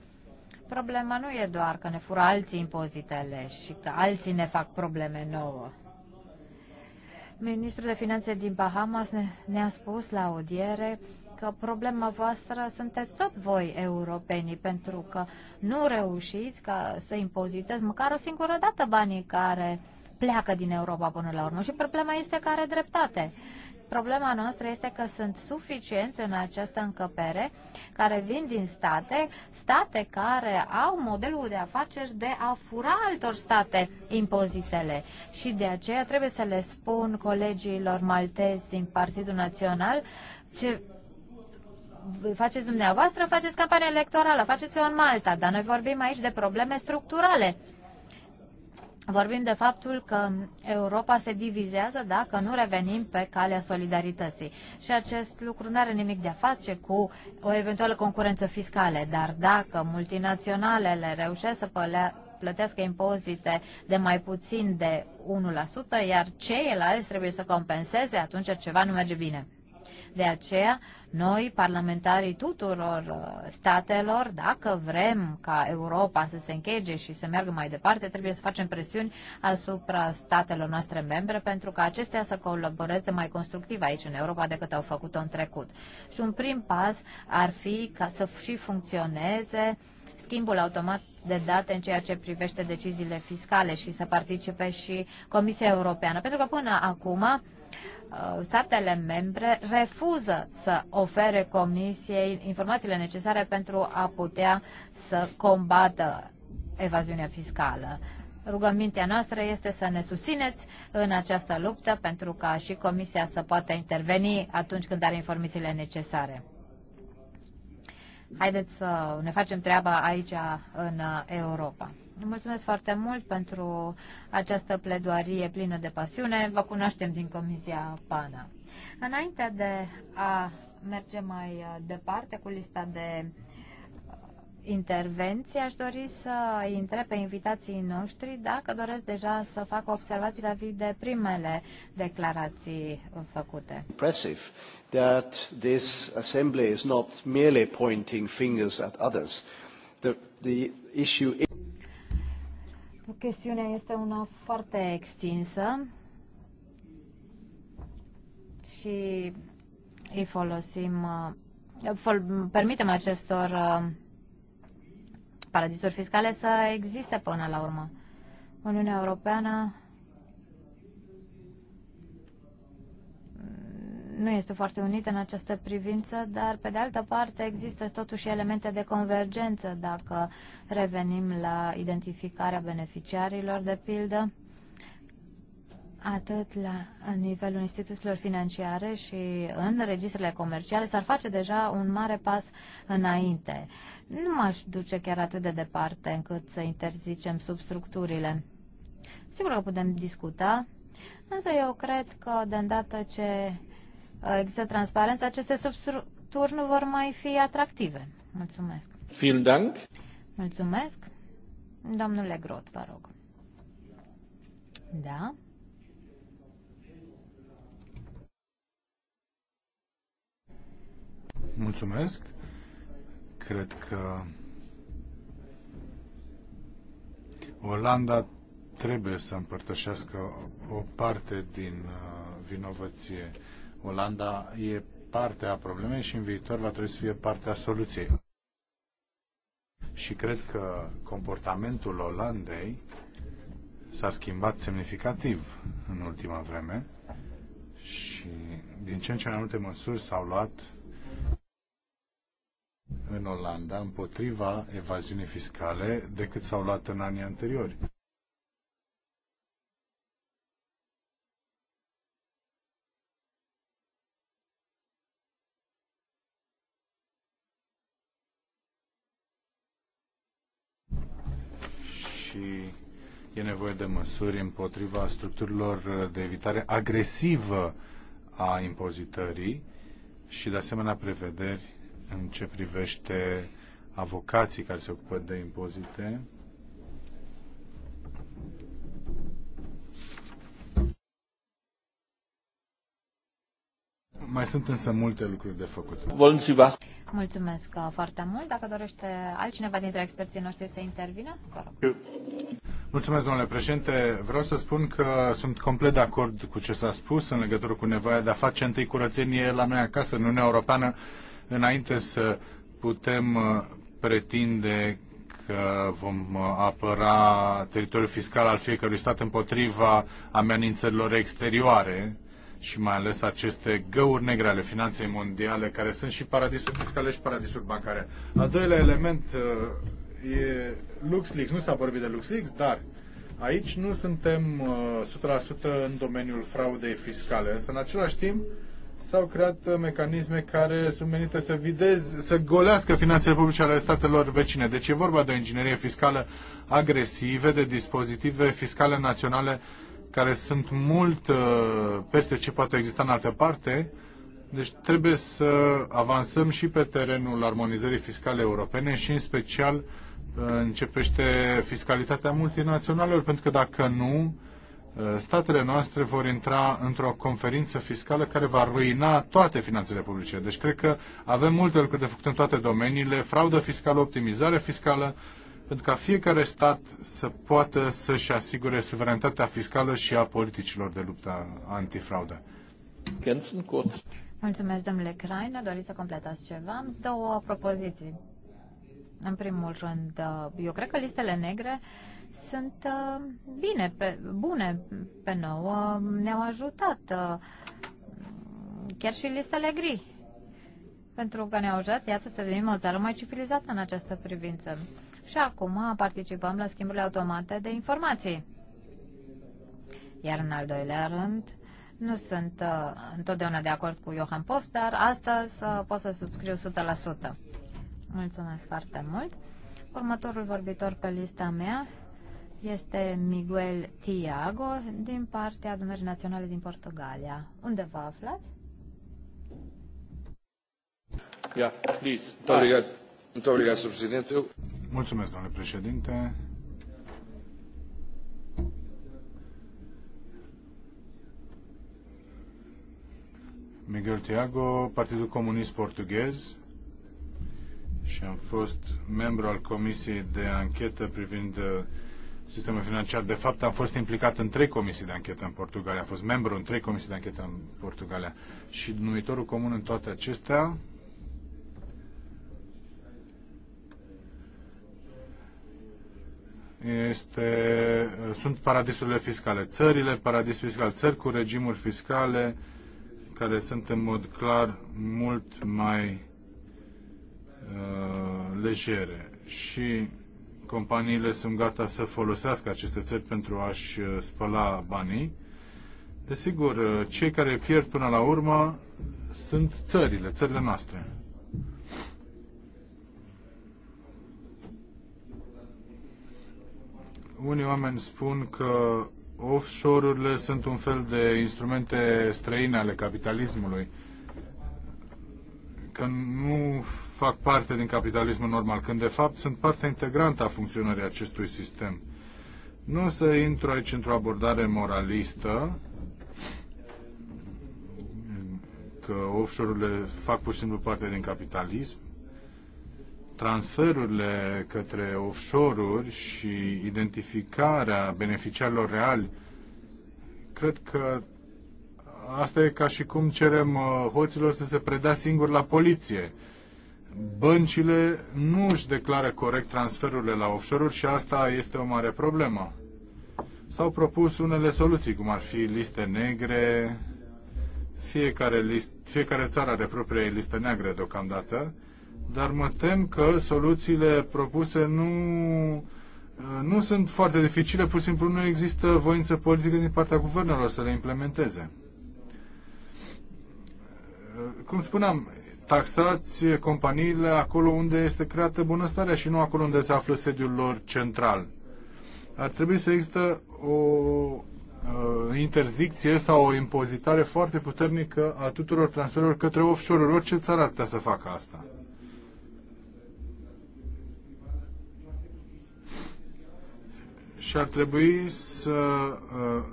problema nu e doar că ne fură alții impozitele și că alții ne fac probleme nouă. Ministrul de Finanțe din Bahamas ne, ne-a spus la audiere că problema voastră sunteți tot voi europenii, pentru că nu reușiți ca să impoziteți măcar o singură dată banii care pleacă din Europa până la urmă. Și problema este că are dreptate. Problema noastră este că sunt suficienți în această încăpere care vin din state, state care au modelul de afaceri de a fura altor state impozitele. Și de aceea trebuie să le spun colegiilor maltezi din Partidul Național ce faceți dumneavoastră, faceți campania electorală, faceți-o în Malta, dar noi vorbim aici de probleme structurale. Vorbim de faptul că Europa se divizează dacă nu revenim pe calea solidarității. Și acest lucru nu are nimic de a face cu o eventuală concurență fiscală, dar dacă multinaționalele reușesc să pălea, plătească impozite de mai puțin de 1%, iar ceilalți trebuie să compenseze, atunci ceva nu merge bine. De aceea, noi, parlamentarii tuturor uh, statelor, dacă vrem ca Europa să se închege și să meargă mai departe, trebuie să facem presiuni asupra statelor noastre membre pentru ca acestea să colaboreze mai constructiv aici în Europa decât au făcut-o în trecut. Și un prim pas ar fi ca să și funcționeze schimbul automat de date în ceea ce privește deciziile fiscale și să participe și Comisia Europeană. Pentru că până acum Uh, statele membre refuză să ofere Comisiei informațiile necesare pentru a putea să combată evaziunea fiscală. Rugămintea noastră este să ne susțineți în această luptă pentru ca și Comisia să poată interveni atunci când are informațiile necesare. Haideți să ne facem treaba aici în Europa. Mulțumesc foarte mult pentru această pledoarie plină de pasiune. Vă cunoaștem din Comisia PANA. Înainte de a merge mai uh, departe cu lista de uh, intervenții, aș dori să întreb pe invitații noștri dacă doresc deja să facă observații la vis de primele declarații făcute. Impressive that this assembly is not merely pointing fingers at others. The, the issue is Chestiunea este una foarte extinsă și îi folosim, uh, permitem acestor uh, paradisuri fiscale să existe până la urmă. Uniunea Europeană nu este foarte unită în această privință, dar pe de altă parte există totuși elemente de convergență dacă revenim la identificarea beneficiarilor, de pildă, atât la nivelul instituțiilor financiare și în registrele comerciale, s-ar face deja un mare pas înainte. Nu m-aș duce chiar atât de departe încât să interzicem substructurile. Sigur că putem discuta, Însă eu cred că de îndată ce există transparență, aceste substructuri nu vor mai fi atractive. Mulțumesc. Vielen Dank. Mulțumesc. Domnule Grot, vă rog. Da. Mulțumesc. Cred că Olanda trebuie să împărtășească o parte din uh, vinovăție Olanda e parte a problemei și în viitor va trebui să fie parte a soluției. Și cred că comportamentul Olandei s-a schimbat semnificativ în ultima vreme și din ce în ce mai multe măsuri s-au luat în Olanda împotriva evaziunii fiscale decât s-au luat în anii anteriori. și e nevoie de măsuri împotriva structurilor de evitare agresivă a impozitării și de asemenea prevederi în ce privește avocații care se ocupă de impozite Mai sunt însă multe lucruri de făcut. Mulțumesc uh, foarte mult. Dacă dorește altcineva dintre experții noștri să intervină, vă rog. Mulțumesc, domnule președinte. Vreau să spun că sunt complet de acord cu ce s-a spus în legătură cu nevoia de a face întâi curățenie la noi acasă, în Uniunea Europeană, înainte să putem uh, pretinde că vom uh, apăra teritoriul fiscal al fiecărui stat împotriva amenințărilor exterioare și mai ales aceste găuri negre ale finanței mondiale, care sunt și paradisuri fiscale și paradisuri bancare. Al doilea element uh, e LuxLeaks. Nu s-a vorbit de LuxLeaks, dar aici nu suntem 100% uh, în domeniul fraudei fiscale, însă în același timp s-au creat uh, mecanisme care sunt menite să videze, să golească finanțele publice ale statelor vecine. Deci e vorba de o inginerie fiscală agresivă, de dispozitive fiscale naționale care sunt mult uh, peste ce poate exista în altă parte, deci trebuie să avansăm și pe terenul armonizării fiscale europene și în special uh, începește fiscalitatea multinațională, pentru că dacă nu, uh, statele noastre vor intra într-o conferință fiscală care va ruina toate finanțele publice. Deci cred că avem multe lucruri de făcut în toate domeniile, fraudă fiscală, optimizare fiscală, pentru ca fiecare stat să poată să-și asigure suveranitatea fiscală și a politicilor de luptă antifraudă. Mulțumesc, domnule Craina. Doriți să completați ceva? Două propoziții. În primul rând, eu cred că listele negre sunt uh, bine, pe, bune pe nouă, ne-au ajutat uh, chiar și listele gri. Pentru că ne-au ajutat, iată, să devenim o țară mai civilizată în această privință și acum participăm la schimburile automate de informații. Iar în al doilea rând, nu sunt uh, întotdeauna de acord cu Johan Post, dar astăzi uh, pot să subscriu 100%. Mulțumesc foarte mult. Următorul vorbitor pe lista mea este Miguel Tiago din partea Adunării Naționale din Portugalia. Unde vă aflați? Yeah, please. Muito ah. obrigado. Muito obrigado, Sr. Presidente. Eu Mulțumesc, domnule președinte. Miguel Tiago, Partidul Comunist Portughez și am fost membru al Comisiei de Anchetă privind uh, sistemul financiar. De fapt, am fost implicat în trei comisii de anchetă în Portugalia. Am fost membru în trei comisii de anchetă în Portugalia. Și numitorul comun în toate acestea este, sunt paradisurile fiscale. Țările, paradis fiscal, țări cu regimuri fiscale care sunt în mod clar mult mai uh, legere și companiile sunt gata să folosească aceste țări pentru a-și uh, spăla banii. Desigur, uh, cei care pierd până la urmă sunt țările, țările noastre. Unii oameni spun că offshore-urile sunt un fel de instrumente străine ale capitalismului, că nu fac parte din capitalismul normal, când de fapt sunt parte integrantă a funcționării acestui sistem. Nu o să intru aici într-o abordare moralistă, că offshore-urile fac pur și simplu parte din capitalism, transferurile către offshore-uri și identificarea beneficiarilor reali, cred că asta e ca și cum cerem uh, hoților să se predea singuri la poliție. Băncile nu își declară corect transferurile la offshore-uri și asta este o mare problemă. S-au propus unele soluții, cum ar fi liste negre, fiecare, list, fiecare țară are propria listă neagră deocamdată, dar mă tem că soluțiile propuse nu, uh, nu sunt foarte dificile, pur și simplu nu există voință politică din partea guvernelor să le implementeze. Uh, cum spuneam, taxați companiile acolo unde este creată bunăstarea și nu acolo unde se află sediul lor central. Ar trebui să există o uh, interdicție sau o impozitare foarte puternică a tuturor transferurilor către offshore-uri. Orice țară ar putea să facă asta. și ar trebui să uh,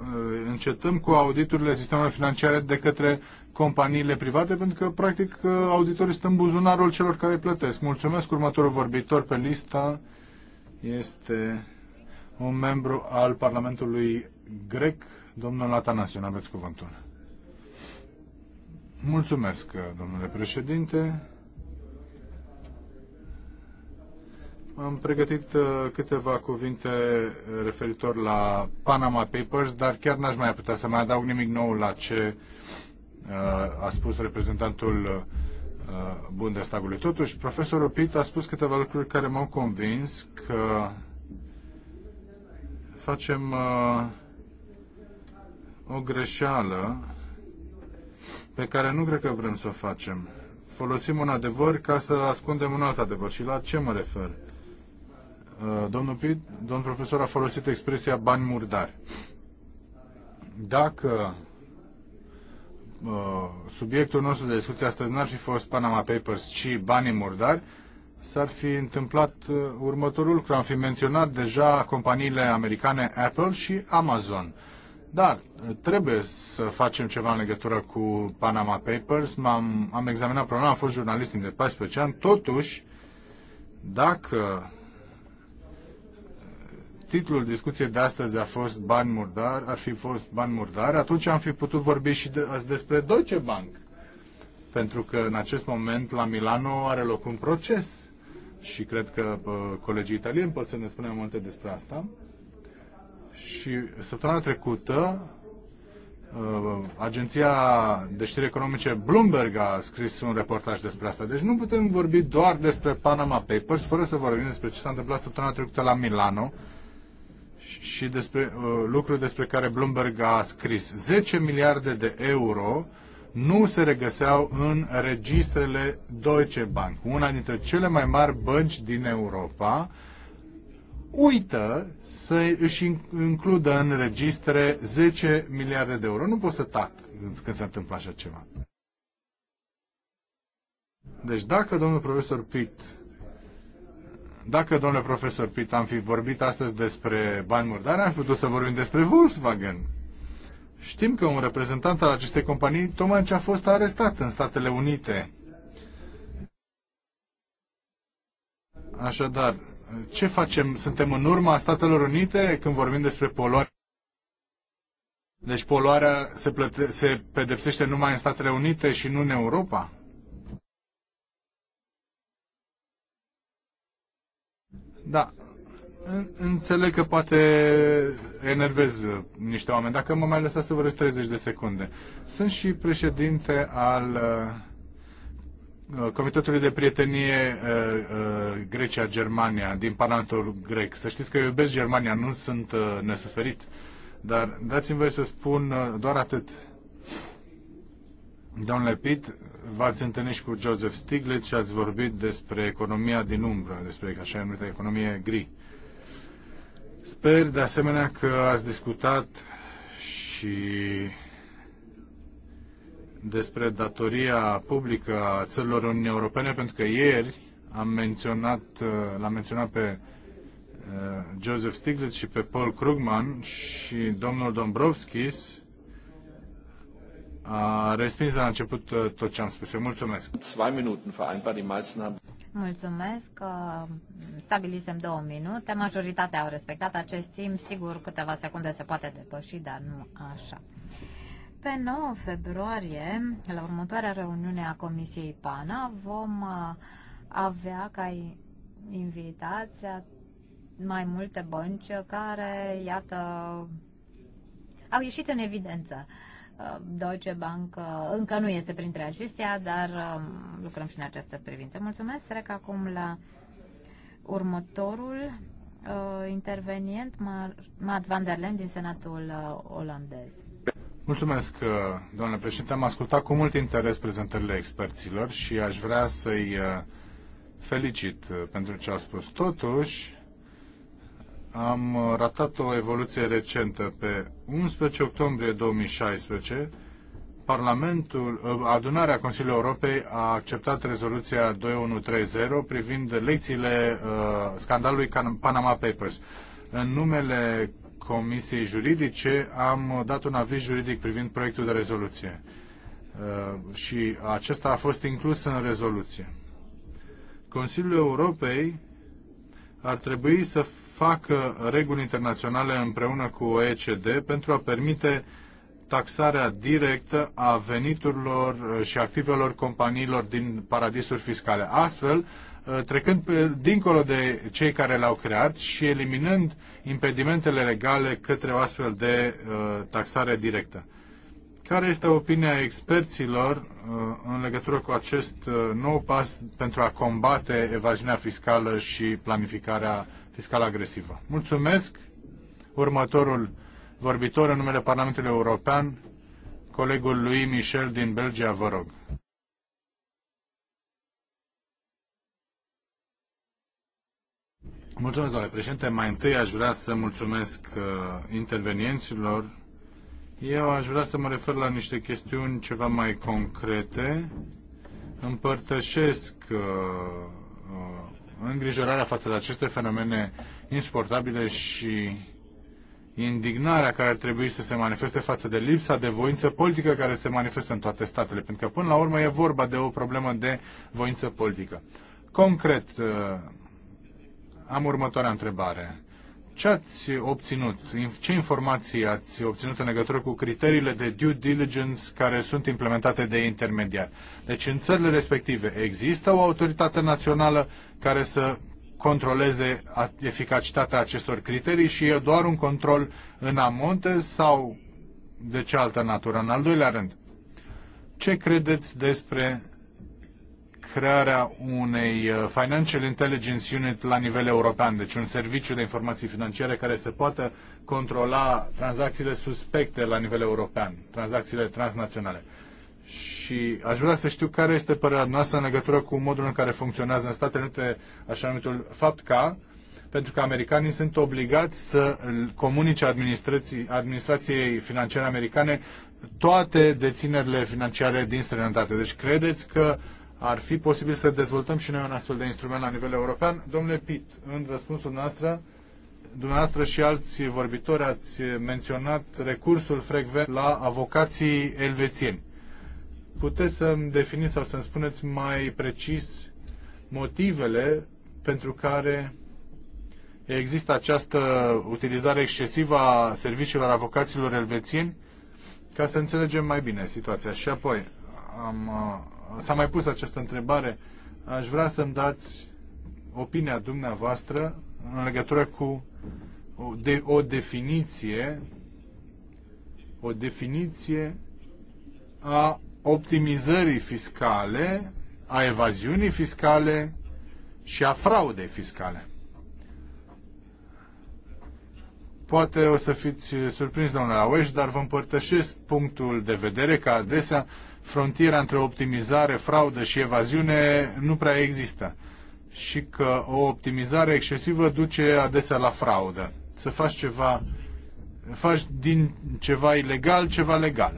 încetăm cu auditurile sistemelor financiare de către companiile private, pentru că, practic, uh, auditorii sunt în buzunarul celor care îi plătesc. Mulțumesc. Următorul vorbitor pe lista este un membru al Parlamentului grec, domnul Atanasiu. Aveți cuvântul. Mulțumesc, domnule președinte. Am pregătit uh, câteva cuvinte referitor la Panama Papers, dar chiar n-aș mai putea să mai adaug nimic nou la ce uh, a spus reprezentantul uh, Bundestagului. Totuși, profesorul Pitt a spus câteva lucruri care m-au convins că facem o greșeală pe care nu cred că vrem să o facem. Folosim un adevăr ca să ascundem un alt adevăr. Și la ce mă refer? Uh, domnul Pid, domn profesor a folosit expresia bani murdari. Dacă uh, subiectul nostru de discuție astăzi n-ar fi fost Panama Papers, ci banii murdari, s-ar fi întâmplat uh, următorul lucru. Am fi menționat deja companiile americane Apple și Amazon. Dar trebuie să facem ceva în legătură cu Panama Papers. M-am, am examinat problema, am fost jurnalist timp de 14 ani. Totuși, dacă titlul discuției de astăzi a fost bani murdar, ar fi fost bani murdar, atunci am fi putut vorbi și de, despre Deutsche Bank. Pentru că în acest moment la Milano are loc un proces și cred că bă, colegii italieni pot să ne spună multe despre asta. Și săptămâna trecută agenția de știri economice Bloomberg a scris un reportaj despre asta. Deci nu putem vorbi doar despre Panama Papers fără să vorbim despre ce s-a întâmplat săptămâna trecută la Milano și despre uh, lucru despre care Bloomberg a scris. 10 miliarde de euro nu se regăseau în registrele Deutsche Bank, una dintre cele mai mari bănci din Europa, uită să își includă în registre 10 miliarde de euro. Nu pot să tac când se întâmplă așa ceva. Deci dacă domnul profesor Pitt dacă, domnule profesor Pitt, am fi vorbit astăzi despre bani murdare, am putut să vorbim despre Volkswagen. Știm că un reprezentant al acestei companii tocmai ce a fost arestat în Statele Unite. Așadar, ce facem? Suntem în urma Statelor Unite când vorbim despre poluare? Deci poluarea se, plăte- se pedepsește numai în Statele Unite și nu în Europa? Da, Înțeleg că poate enervez niște oameni, dacă mă mai lăsați să vă 30 de secunde. Sunt și președinte al uh, uh, Comitetului de Prietenie uh, Grecia-Germania din Parlamentul Grec. Să știți că eu iubesc Germania, nu sunt nesuferit, dar dați-mi voi să spun doar atât. Domnule Pitt, v-ați întâlnit și cu Joseph Stiglitz și ați vorbit despre economia din umbră, despre așa numită economie gri. Sper de asemenea că ați discutat și despre datoria publică a țărilor Uniunii Europene, pentru că ieri am menționat, l-am menționat pe uh, Joseph Stiglitz și pe Paul Krugman și domnul Dombrovskis a respins de la început uh, tot ce am spus. Eu mulțumesc. Mulțumesc. Uh, stabilisem două minute. Majoritatea au respectat acest timp. Sigur, câteva secunde se poate depăși, dar nu așa. Pe 9 februarie, la următoarea reuniune a Comisiei PANA, vom uh, avea ca invitați mai multe bănci care, iată, au ieșit în evidență. Deutsche Bank uh, încă nu este printre acestea, dar um, lucrăm și în această privință. Mulțumesc, trec acum la următorul uh, intervenient, Matt van der Len din Senatul uh, olandez. Mulțumesc, domnule președinte. Am ascultat cu mult interes prezentările experților și aș vrea să-i felicit pentru ce a spus. Totuși, am ratat o evoluție recentă pe 11 octombrie 2016, Parlamentul, ă, adunarea Consiliului Europei a acceptat rezoluția 2130 privind lecțiile uh, scandalului Panama Papers. În numele Comisiei Juridice am dat un aviz juridic privind proiectul de rezoluție uh, și acesta a fost inclus în rezoluție. Consiliul Europei ar trebui să fac reguli internaționale împreună cu OECD pentru a permite taxarea directă a veniturilor și activelor companiilor din paradisuri fiscale. Astfel, trecând pe, dincolo de cei care le-au creat și eliminând impedimentele legale către o astfel de uh, taxare directă. Care este opinia experților uh, în legătură cu acest uh, nou pas pentru a combate evaziunea fiscală și planificarea fiscală agresivă. Mulțumesc. Următorul vorbitor în numele Parlamentului European, colegul lui Michel din Belgia, vă rog. Mulțumesc, doamne președinte. Mai întâi aș vrea să mulțumesc uh, intervenienților. Eu aș vrea să mă refer la niște chestiuni ceva mai concrete. Împărtășesc uh, uh îngrijorarea față de aceste fenomene insuportabile și indignarea care ar trebui să se manifeste față de lipsa de voință politică care se manifestă în toate statele, pentru că până la urmă e vorba de o problemă de voință politică. Concret, uh, am următoarea întrebare ce ați obținut? Ce informații ați obținut în legătură cu criteriile de due diligence care sunt implementate de intermediar? Deci în țările respective există o autoritate națională care să controleze eficacitatea acestor criterii și e doar un control în amonte sau de ce altă natură? În al doilea rând, ce credeți despre crearea unei uh, Financial Intelligence Unit la nivel european, deci un serviciu de informații financiare care să poată controla tranzacțiile suspecte la nivel european, tranzacțiile transnaționale. Și aș vrea să știu care este părerea noastră în legătură cu modul în care funcționează în Statele Unite așa numitul FAPCA, pentru că americanii sunt obligați să comunice administrației, administrației financiare americane toate deținerile financiare din străinătate. Deci credeți că uh, ar fi posibil să dezvoltăm și noi un astfel de instrument la nivel european. Domnule Pitt, în răspunsul noastră, dumneavoastră și alți vorbitori ați menționat recursul frecvent la avocații elvețieni. Puteți să-mi definiți sau să-mi spuneți mai precis motivele pentru care există această utilizare excesivă a serviciilor avocaților elvețieni ca să înțelegem mai bine situația. Și apoi am s-a mai pus această întrebare. Aș vrea să-mi dați opinia dumneavoastră în legătură cu o, de, o definiție o definiție a optimizării fiscale, a evaziunii fiscale și a fraudei fiscale. Poate o să fiți surprins, domnule Aueș, dar vă împărtășesc punctul de vedere că adesea frontiera între optimizare, fraudă și evaziune nu prea există și că o optimizare excesivă duce adesea la fraudă. Să faci ceva, faci din ceva ilegal ceva legal.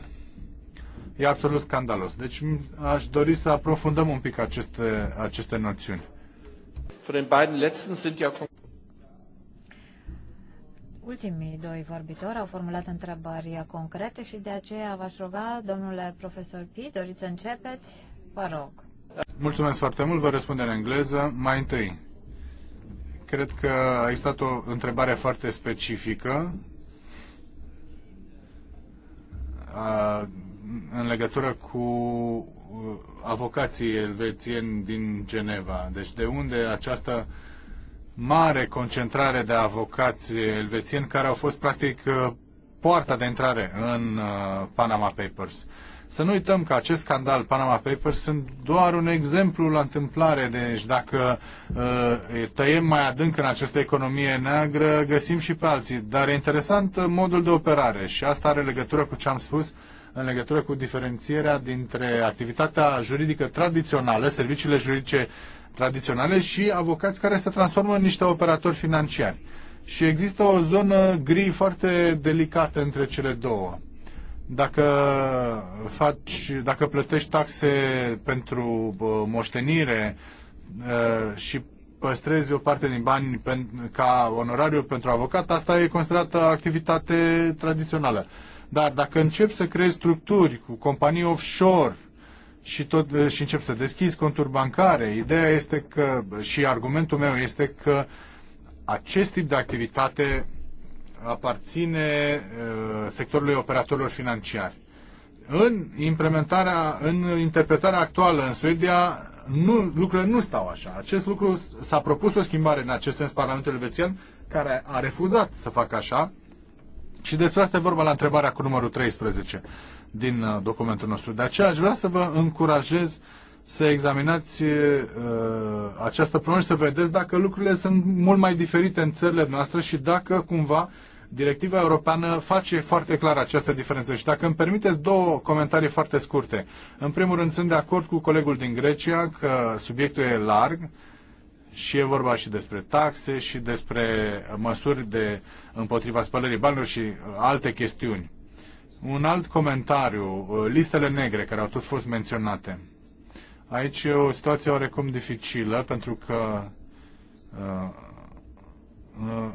E absolut scandalos. Deci aș dori să aprofundăm un pic aceste, aceste noțiuni. Ultimii doi vorbitori au formulat întrebări concrete și de aceea v-aș ruga, domnule profesor Pi, doriți să începeți? Vă rog. Mulțumesc foarte mult, vă răspund în engleză. Mai întâi, cred că a existat o întrebare foarte specifică a, în legătură cu uh, avocații elvețieni din Geneva. Deci de unde această uh, mare concentrare de avocați elvețieni care au fost practic uh, poarta de intrare în uh, Panama Papers. Să nu uităm că acest scandal Panama Papers sunt doar un exemplu la întâmplare. Deci dacă uh, tăiem mai adânc în această economie neagră, găsim și pe alții. Dar e interesant modul de operare și asta are legătură cu ce am spus în legătură cu diferențierea dintre activitatea juridică tradițională, serviciile juridice tradiționale și avocați care se transformă în niște operatori financiari. Și există o zonă gri foarte delicată între cele două. Dacă, faci, dacă plătești taxe pentru moștenire ă, și păstrezi o parte din bani ca onorariu pentru avocat, asta e considerată activitate tradițională. Dar dacă începi să creezi structuri cu companii offshore și, tot, eh, și încep să deschizi conturi bancare. Ideea este că, și argumentul meu este că acest tip de activitate aparține eh, sectorului operatorilor financiari. În implementarea, în interpretarea actuală în Suedia, nu, lucrurile nu stau așa. Acest lucru s-a propus o schimbare în acest sens Parlamentul Elvețian, care a refuzat să facă așa. Și despre asta e vorba la întrebarea cu numărul 13 din uh, documentul nostru. De aceea aș vrea să vă încurajez să examinați uh, această problemă și să vedeți dacă lucrurile sunt mult mai diferite în țările noastre și dacă cumva directiva europeană face foarte clar această diferență. Și dacă îmi permiteți două comentarii foarte scurte. În primul rând sunt de acord cu colegul din Grecia că subiectul e larg, și e vorba și despre taxe și despre măsuri de împotriva spălării banilor și alte chestiuni. Un alt comentariu, uh, listele negre care au tot fost menționate. Aici e o situație oarecum dificilă pentru că uh, uh, uh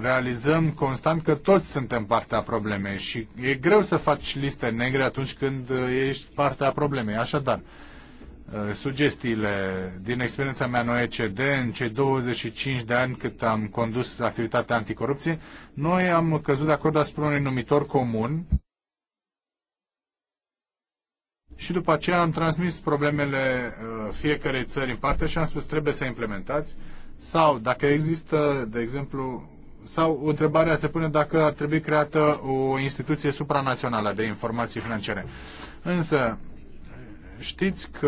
realizăm constant că toți suntem partea problemei și e greu să faci liste negre atunci când uh, ești partea problemei. Așadar, uh, Eh, sugestiile din experiența mea în OECD, în cei 25 de ani cât am condus activitatea anticorupție, noi am căzut de acord asupra unui numitor comun și după aceea am transmis problemele eh, fiecarei țări în parte și am spus trebuie să implementați sau dacă există, de exemplu, sau întrebarea se pune dacă ar trebui creată o instituție supranațională de informații financiare. Însă, Știți că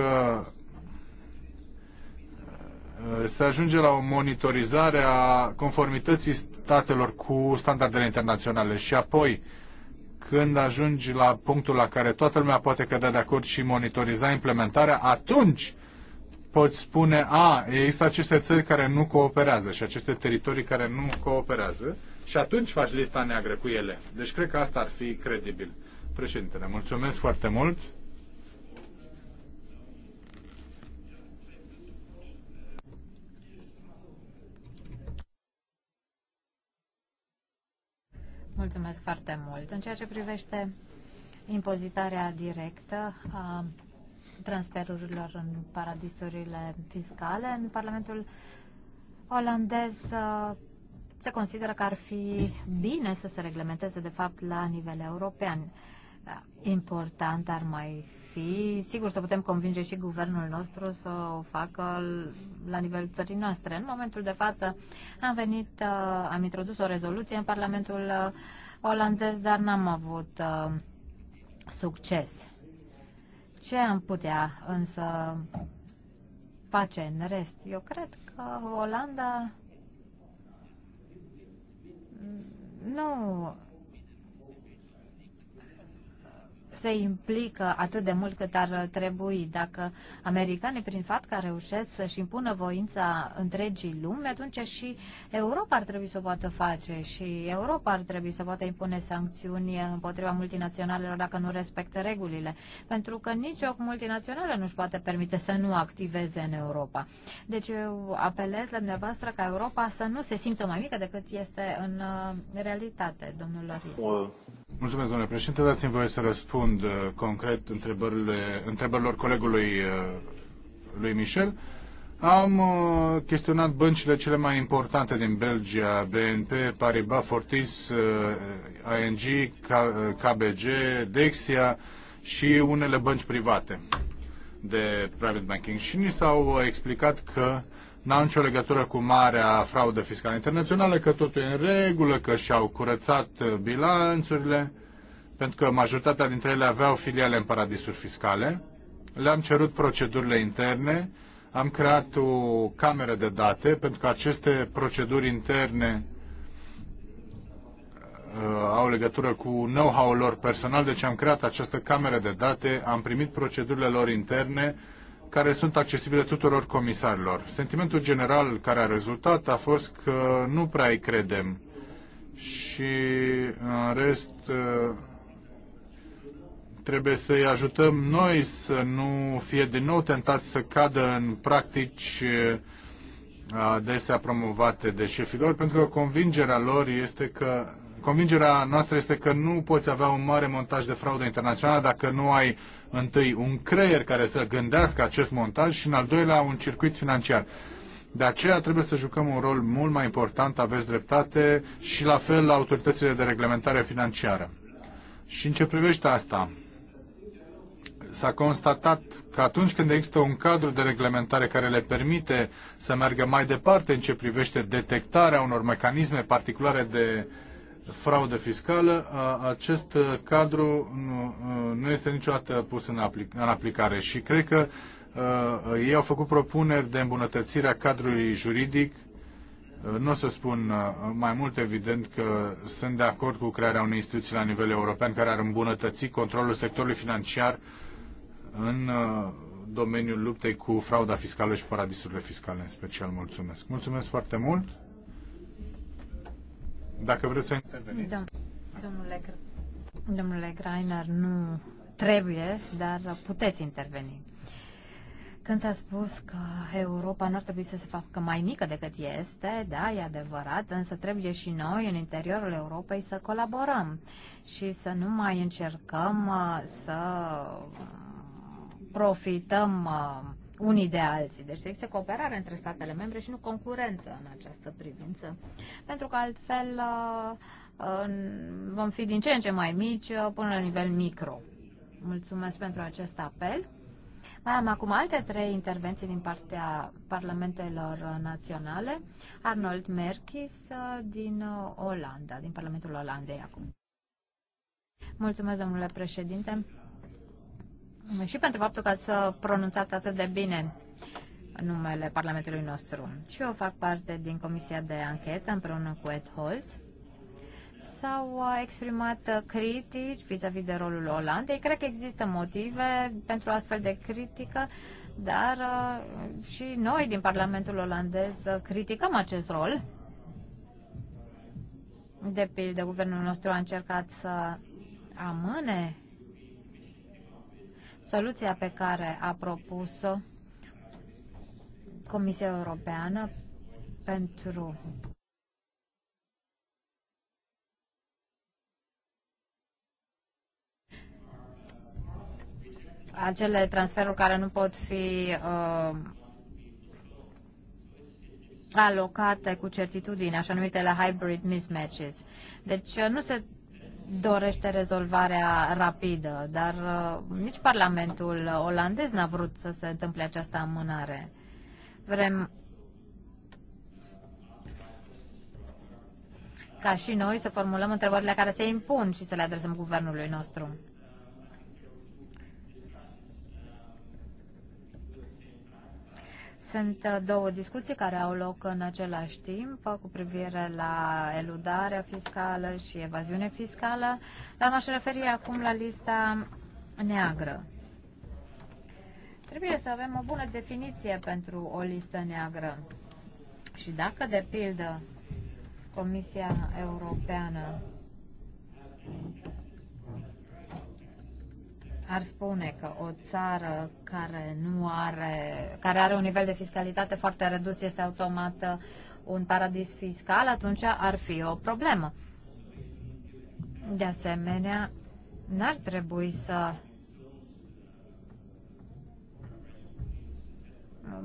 uh, se ajunge la o monitorizare a conformității statelor cu standardele internaționale și apoi când ajungi la punctul la care toată lumea poate cădea de acord și monitoriza implementarea, atunci poți spune, a, există aceste țări care nu cooperează și aceste teritorii care nu cooperează și atunci faci lista neagră cu ele. Deci cred că asta ar fi credibil. Președintele, mulțumesc foarte mult. Mulțumesc foarte mult. În ceea ce privește impozitarea directă a transferurilor în paradisurile fiscale, în Parlamentul olandez uh, se consideră că ar fi bine să se reglementeze, de fapt, la nivel european. Da. important ar mai fi, sigur, să putem convinge și guvernul nostru să o facă la nivelul țării noastre. În momentul de față am venit, uh, am introdus o rezoluție în Parlamentul uh, olandez, dar n-am avut uh, succes. Ce am putea însă face în rest? Eu cred că Olanda nu se implică atât de mult cât ar trebui. Dacă americanii, prin fapt că reușesc să-și impună voința întregii lumi, atunci și Europa ar trebui să o poată face și Europa ar trebui să poată impune sancțiuni împotriva multinaționalelor dacă nu respectă regulile. Pentru că nici o multinațională nu-și poate permite să nu activeze în Europa. Deci eu apelez la dumneavoastră ca Europa să nu se simtă mai mică decât este în uh, realitate, domnul Lorie. Mulțumesc, domnule președinte. Dați-mi voie să răspund uh, concret întrebările, întrebărilor colegului uh, lui Michel. Am uh, chestionat băncile cele mai importante din Belgia, BNP, Paribas, Fortis, uh, ING, KBG, uh, Dexia și unele bănci private de private banking și ni s-au explicat că n-au nicio legătură cu marea fraudă fiscală internațională, că totul e în regulă, că și-au curățat uh, bilanțurile, pentru că majoritatea dintre ele aveau filiale în paradisuri fiscale. Le-am cerut procedurile interne, am creat o cameră de date, pentru că aceste proceduri interne uh, au legătură cu know-how-ul lor personal, deci am creat această cameră de date, am primit procedurile lor interne, care sunt accesibile tuturor comisarilor. Sentimentul general care a rezultat a fost că nu prea îi credem și în rest trebuie să-i ajutăm noi să nu fie din nou tentați să cadă în practici uh, adesea promovate de șefilor, pentru că convingerea lor este că convingerea noastră este că nu poți avea un mare montaj de fraudă internațională dacă nu ai întâi un creier care să gândească acest montaj și în al doilea un circuit financiar. De aceea trebuie să jucăm un rol mult mai important, aveți dreptate, și la fel la autoritățile de reglementare financiară. Și în ce privește asta, s-a constatat că atunci când există un cadru de reglementare care le permite să meargă mai departe în ce privește detectarea unor mecanisme particulare de uh, fraudă fiscală, acest cadru nu, nu este niciodată pus în, aplic în aplicare și cred că uh, ei au făcut propuneri de îmbunătățire a cadrului juridic. Uh, nu o să spun uh, mai mult, evident că sunt de acord cu crearea unei instituții la nivel european care ar îmbunătăți controlul sectorului financiar în domeniul luptei cu frauda fiscală și paradisurile fiscale în special. Mulțumesc. Mulțumesc foarte mult. Dacă vreți să interveniți. Da. Domnule, domnule Greiner, nu trebuie, dar puteți interveni. Când s-a spus că Europa nu ar trebui să se facă mai mică decât este, da, e adevărat, însă trebuie și noi în interiorul Europei să colaborăm și să nu mai încercăm uh, să profităm uh, unii de alții. Deci există cooperare între statele membre și nu concurență în această privință. Pentru că altfel uh, vom fi din ce în ce mai mici uh, până la nivel micro. Mulțumesc pentru acest apel. Mai am acum alte trei intervenții din partea parlamentelor naționale. Arnold Merkis uh, din Olanda, din Parlamentul Olandei acum. Mulțumesc, domnule președinte și pentru faptul că ați uh, pronunțat atât de bine numele Parlamentului nostru. Și eu fac parte din Comisia de Anchetă împreună cu Ed Holtz. S-au uh, exprimat uh, critici vis-a-vis -vis de rolul Olandei. Cred că există motive pentru astfel de critică, dar și noi din Parlamentul olandez criticăm acest rol. De pildă, guvernul nostru a încercat să amâne Soluția pe care a propus-o Comisia Europeană pentru acele transferuri care nu pot fi uh, alocate cu certitudine, așa numitele hybrid mismatches. Deci uh, nu se dorește rezolvarea rapidă, dar uh, nici Parlamentul olandez n-a vrut să se întâmple această amânare. Vrem ca și noi să formulăm întrebările care se impun și să le adresăm guvernului nostru. Sunt uh, două discuții care au loc în același timp uh, cu privire la eludarea fiscală și evaziune fiscală, dar m-aș referi acum la lista neagră. Trebuie să avem o bună definiție pentru o listă neagră. Și dacă, de pildă, Comisia Europeană ar spune că o țară care nu are, care are un nivel de fiscalitate foarte redus este automat uh, un paradis fiscal, atunci ar fi o problemă. De asemenea, n-ar trebui să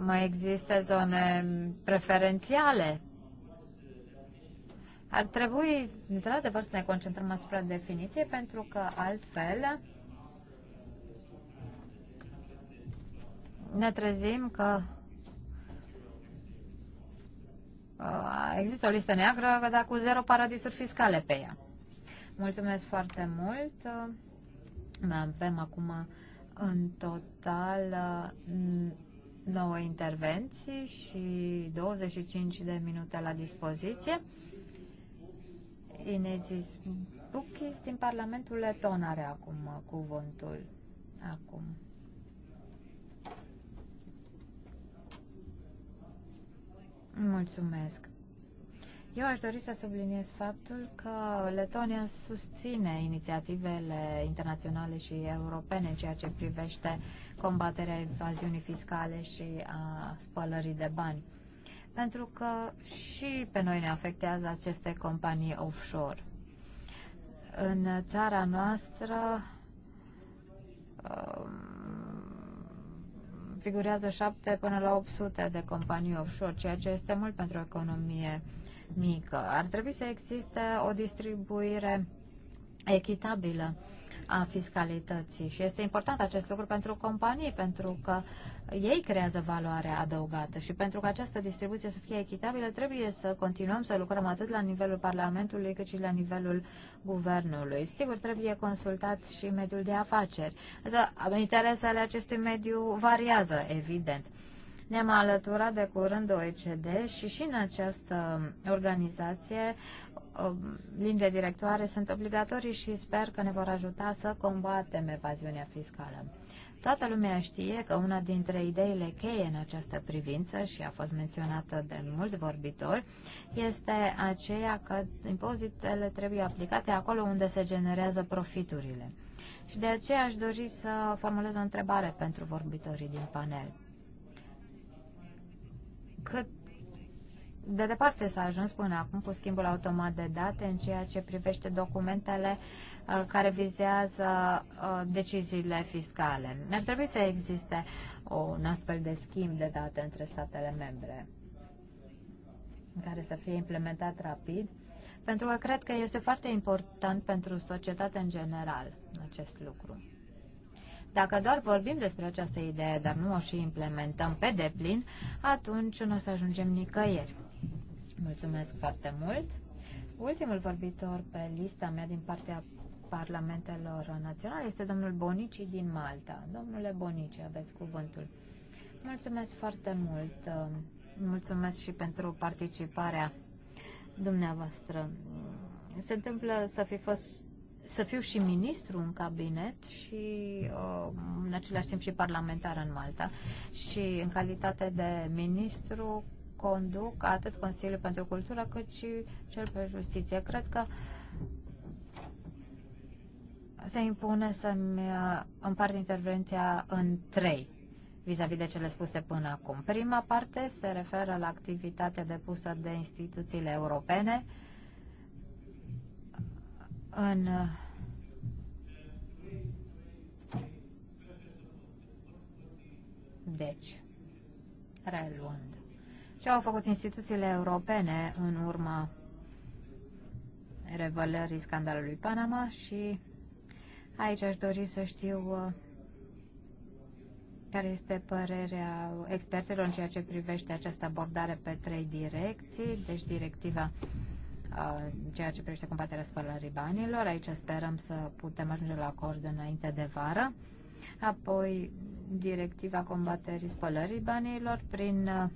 mai existe zone preferențiale. Ar trebui, într-adevăr, să ne concentrăm asupra definiției, pentru că altfel ne trezim că uh, există o listă neagră, dar cu zero paradisuri fiscale pe ea. Mulțumesc foarte mult. Mai avem acum în total 9 uh, intervenții și 25 de minute la dispoziție. Inezis Buchis din Parlamentul Leton are acum uh, cuvântul. Acum. Mulțumesc. Eu aș dori să subliniez faptul că Letonia susține inițiativele internaționale și europene în ceea ce privește combaterea evaziunii fiscale și a spălării de bani. Pentru că și pe noi ne afectează aceste companii offshore. În țara noastră um, figurează 7 până la 800 de companii offshore, ceea ce este mult pentru o economie mică. Ar trebui să existe o distribuire echitabilă a fiscalității și este important acest lucru pentru companii, pentru că ei creează valoare adăugată și pentru că această distribuție să fie echitabilă trebuie să continuăm să lucrăm atât la nivelul Parlamentului cât și la nivelul Guvernului. Sigur, trebuie consultat și mediul de afaceri. Însă, interesele acestui mediu variază, evident. Ne-am alăturat de curând OECD și și în această organizație linii directoare sunt obligatorii și sper că ne vor ajuta să combatem evaziunea fiscală. Toată lumea știe că una dintre ideile cheie în această privință și a fost menționată de mulți vorbitori este aceea că impozitele trebuie aplicate acolo unde se generează profiturile. Și de aceea aș dori să formulez o întrebare pentru vorbitorii din panel. Cât de departe s-a ajuns până acum cu schimbul automat de date în ceea ce privește documentele uh, care vizează uh, deciziile fiscale. Ar trebui să existe un astfel de schimb de date între statele membre care să fie implementat rapid, pentru că cred că este foarte important pentru societate în general acest lucru. Dacă doar vorbim despre această idee, dar nu o și implementăm pe deplin, atunci nu o să ajungem nicăieri. Mulțumesc foarte mult. Ultimul vorbitor pe lista mea din partea parlamentelor naționale este domnul Bonici din Malta. Domnule Bonici, aveți cuvântul. Mulțumesc foarte mult. Mulțumesc și pentru participarea dumneavoastră. Se întâmplă să fi fost să fiu și ministru în cabinet și uh, în același timp și parlamentar în Malta. Și în calitate de ministru conduc atât Consiliul pentru Cultură cât și cel pe Justiție. Cred că se impune să-mi uh, împart intervenția în trei vis-a-vis -vis de cele spuse până acum. Prima parte se referă la activitatea depusă de instituțiile europene în uh, deci, reluând. Ce au făcut instituțiile europene în urma revelării scandalului Panama și aici aș dori să știu uh, care este părerea experților în ceea ce privește această abordare pe trei direcții, deci directiva uh, în ceea ce privește combaterea spălării banilor. Aici sperăm să putem ajunge la acord înainte de vară. Apoi directiva combaterii spălării banilor prin uh,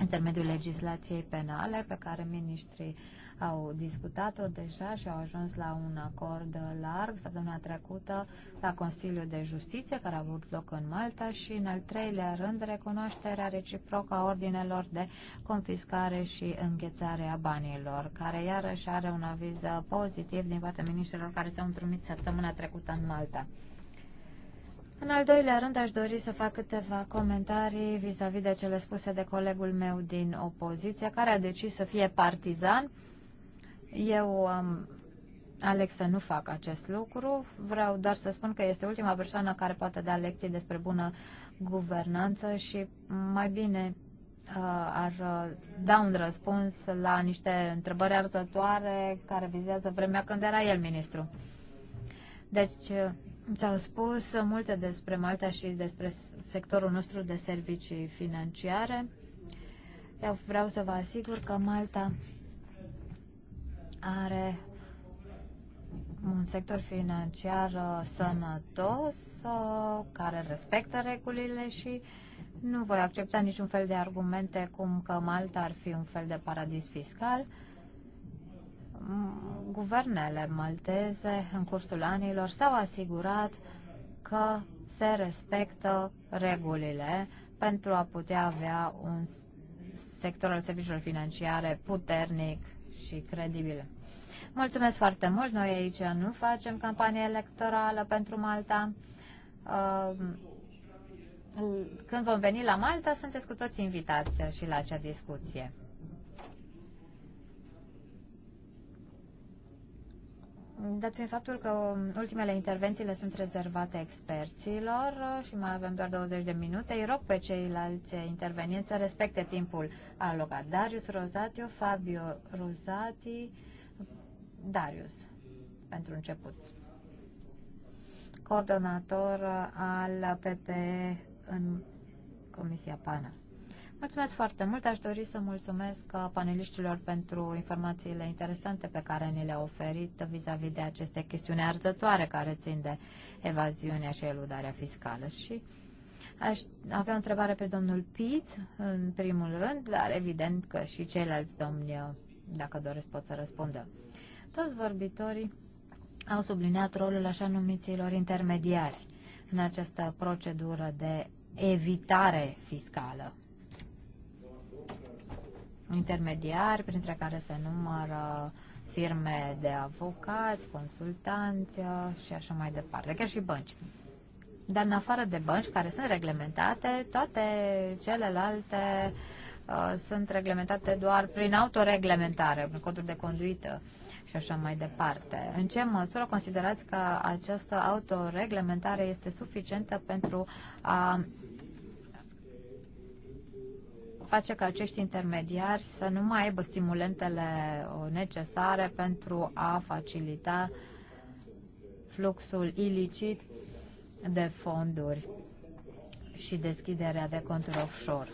intermediul legislației penale pe care ministrii au discutat-o deja și au ajuns la un acord larg săptămâna trecută la Consiliul de Justiție care a avut loc în Malta și în al treilea rând recunoașterea reciprocă a ordinelor de confiscare și înghețare a banilor care iarăși are un aviz pozitiv din partea ministrilor care s-au întrumit săptămâna trecută în Malta. În al doilea rând, aș dori să fac câteva comentarii vis-a-vis -vis de cele spuse de colegul meu din opoziție, care a decis să fie partizan. Eu um, aleg să nu fac acest lucru. Vreau doar să spun că este ultima persoană care poate da lecții despre bună guvernanță și mai bine uh, ar uh, da un răspuns la niște întrebări arătătoare care vizează vremea când era el ministru. Deci, S-au spus multe despre Malta și despre sectorul nostru de servicii financiare. Eu vreau să vă asigur că Malta are un sector financiar uh, sănătos, uh, care respectă regulile și nu voi accepta niciun fel de argumente cum că Malta ar fi un fel de paradis fiscal. Mm, guvernele malteze în cursul anilor s-au asigurat că se respectă regulile pentru a putea avea un sector al serviciilor financiare puternic și credibil. Mulțumesc foarte mult! Noi aici nu facem campanie electorală pentru Malta. Uh, când vom veni la Malta, sunteți cu toți invitați și la acea discuție. Dat fiind faptul că um, ultimele intervențiile sunt rezervate experților uh, și mai avem doar 20 de minute, îi rog pe ceilalți intervenienți să respecte timpul alocat. Darius Rozatio, Fabio Rosati, Darius, pentru început. Coordonator uh, al PPE în Comisia PANA. Mulțumesc foarte mult. Aș dori să mulțumesc uh, paneliștilor pentru informațiile interesante pe care ni le-au oferit vis-a-vis -vis de aceste chestiuni arzătoare care țin de evaziunea și eludarea fiscală. Și aș avea o întrebare pe domnul Piț, în primul rând, dar evident că și ceilalți domni, uh, dacă doresc, pot să răspundă. Toți vorbitorii au subliniat rolul așa numiților intermediari în această procedură de evitare fiscală intermediari, printre care se numără firme de avocați, consultanți uh, și așa mai departe, chiar și bănci. Dar în afară de bănci care sunt reglementate, toate celelalte uh, sunt reglementate doar prin autoreglementare, prin coduri de conduită și așa mai departe. În ce măsură considerați că această autoreglementare este suficientă pentru a face ca acești intermediari să nu mai aibă stimulentele necesare pentru a facilita fluxul ilicit de fonduri și deschiderea de conturi offshore.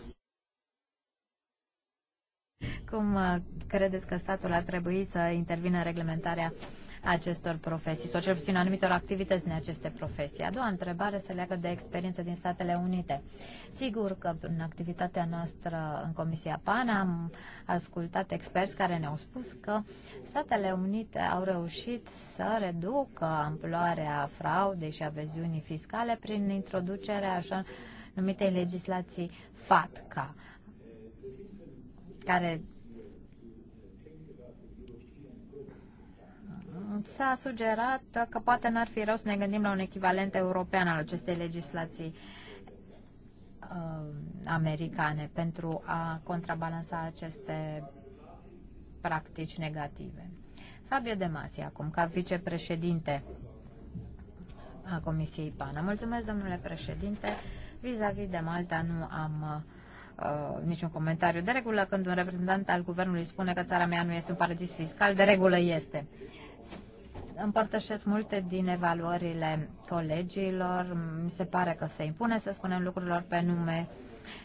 Cum uh, credeți că statul ar trebui să intervină în reglementarea acestor profesii sau cel puțin anumitor activități din aceste profesii. A doua întrebare se leagă de experiență din Statele Unite. Sigur că în activitatea noastră în Comisia PAN am ascultat experți care ne-au spus că Statele Unite au reușit să reducă amploarea fraudei și abeziunii fiscale prin introducerea așa numitei legislații FATCA, care s-a sugerat că poate n-ar fi rău să ne gândim la un echivalent european al acestei legislații uh, americane pentru a contrabalansa aceste practici negative. Fabio De Masi, acum, ca vicepreședinte a Comisiei PANA. Mulțumesc, domnule președinte. Vis-a-vis -vis de Malta nu am uh, niciun comentariu. De regulă, când un reprezentant al guvernului spune că țara mea nu este un paradis fiscal, de regulă este. Uh, împărtășesc multe din evaluările colegilor. Mi se pare că se impune să spunem lucrurilor pe nume.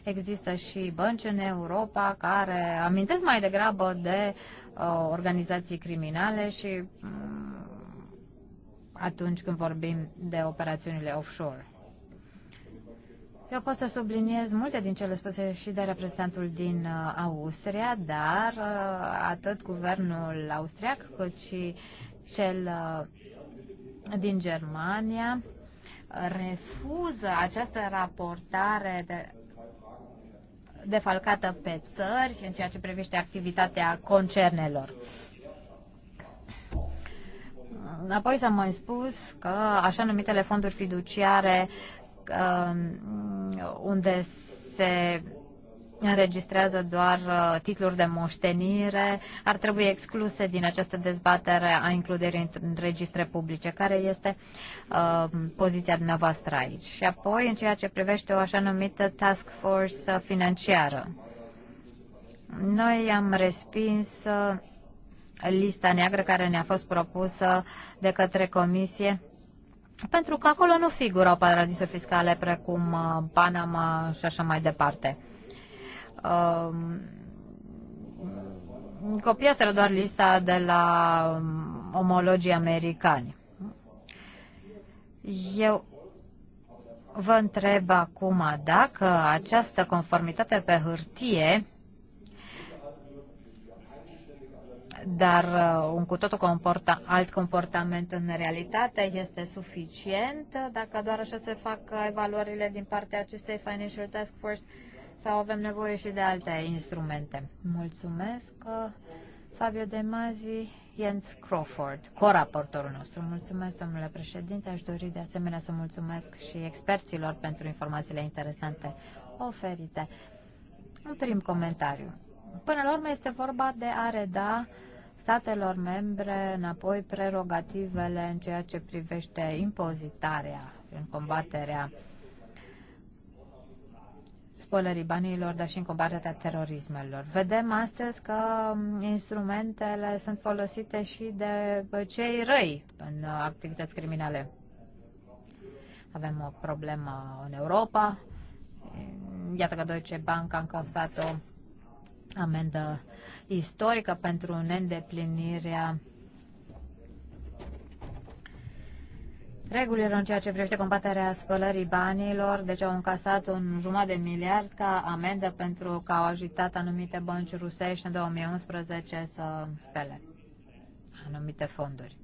Există și bănci în Europa care amintesc mai degrabă de uh, organizații criminale și um, atunci când vorbim de operațiunile offshore. Eu pot să subliniez multe din cele spuse și de reprezentantul din uh, Austria, dar uh, atât guvernul austriac cât și cel uh, din Germania, refuză această raportare de defalcată pe țări în ceea ce privește activitatea concernelor. Apoi s-a mai spus că așa numitele fonduri fiduciare um, unde se înregistrează doar uh, titluri de moștenire, ar trebui excluse din această dezbatere a includerii în registre publice. Care este uh, poziția dumneavoastră aici? Și apoi, în ceea ce privește o așa numită task force uh, financiară, noi am respins uh, lista neagră care ne-a fost propusă de către Comisie pentru că acolo nu figurau paradisuri fiscale precum Panama și așa mai departe um, copiaseră doar lista de la um, omologii americani. Eu vă întreb acum dacă această conformitate pe hârtie dar uh, un cu totul comporta, alt comportament în realitate este suficient dacă doar așa se fac evaluările din partea acestei Financial Task Force sau avem nevoie și de alte instrumente? Mulțumesc, uh, Fabio De Mazi, Jens Crawford, coraportorul nostru. Mulțumesc, domnule președinte. Aș dori de asemenea să mulțumesc și experților pentru informațiile interesante oferite. Un prim comentariu. Până la urmă este vorba de a reda statelor membre înapoi prerogativele în ceea ce privește impozitarea în combaterea uh, spălării banilor, dar și în combaterea terorismelor. Vedem astăzi că instrumentele sunt folosite și de cei răi în activități criminale. Avem o problemă în Europa. Iată că Deutsche Bank a încălzat o amendă istorică pentru neîndeplinirea regulilor în ceea ce privește combaterea spălării banilor, deci au încasat un jumătate de miliard ca amendă pentru că au ajutat anumite bănci rusești în 2011 să spele anumite fonduri.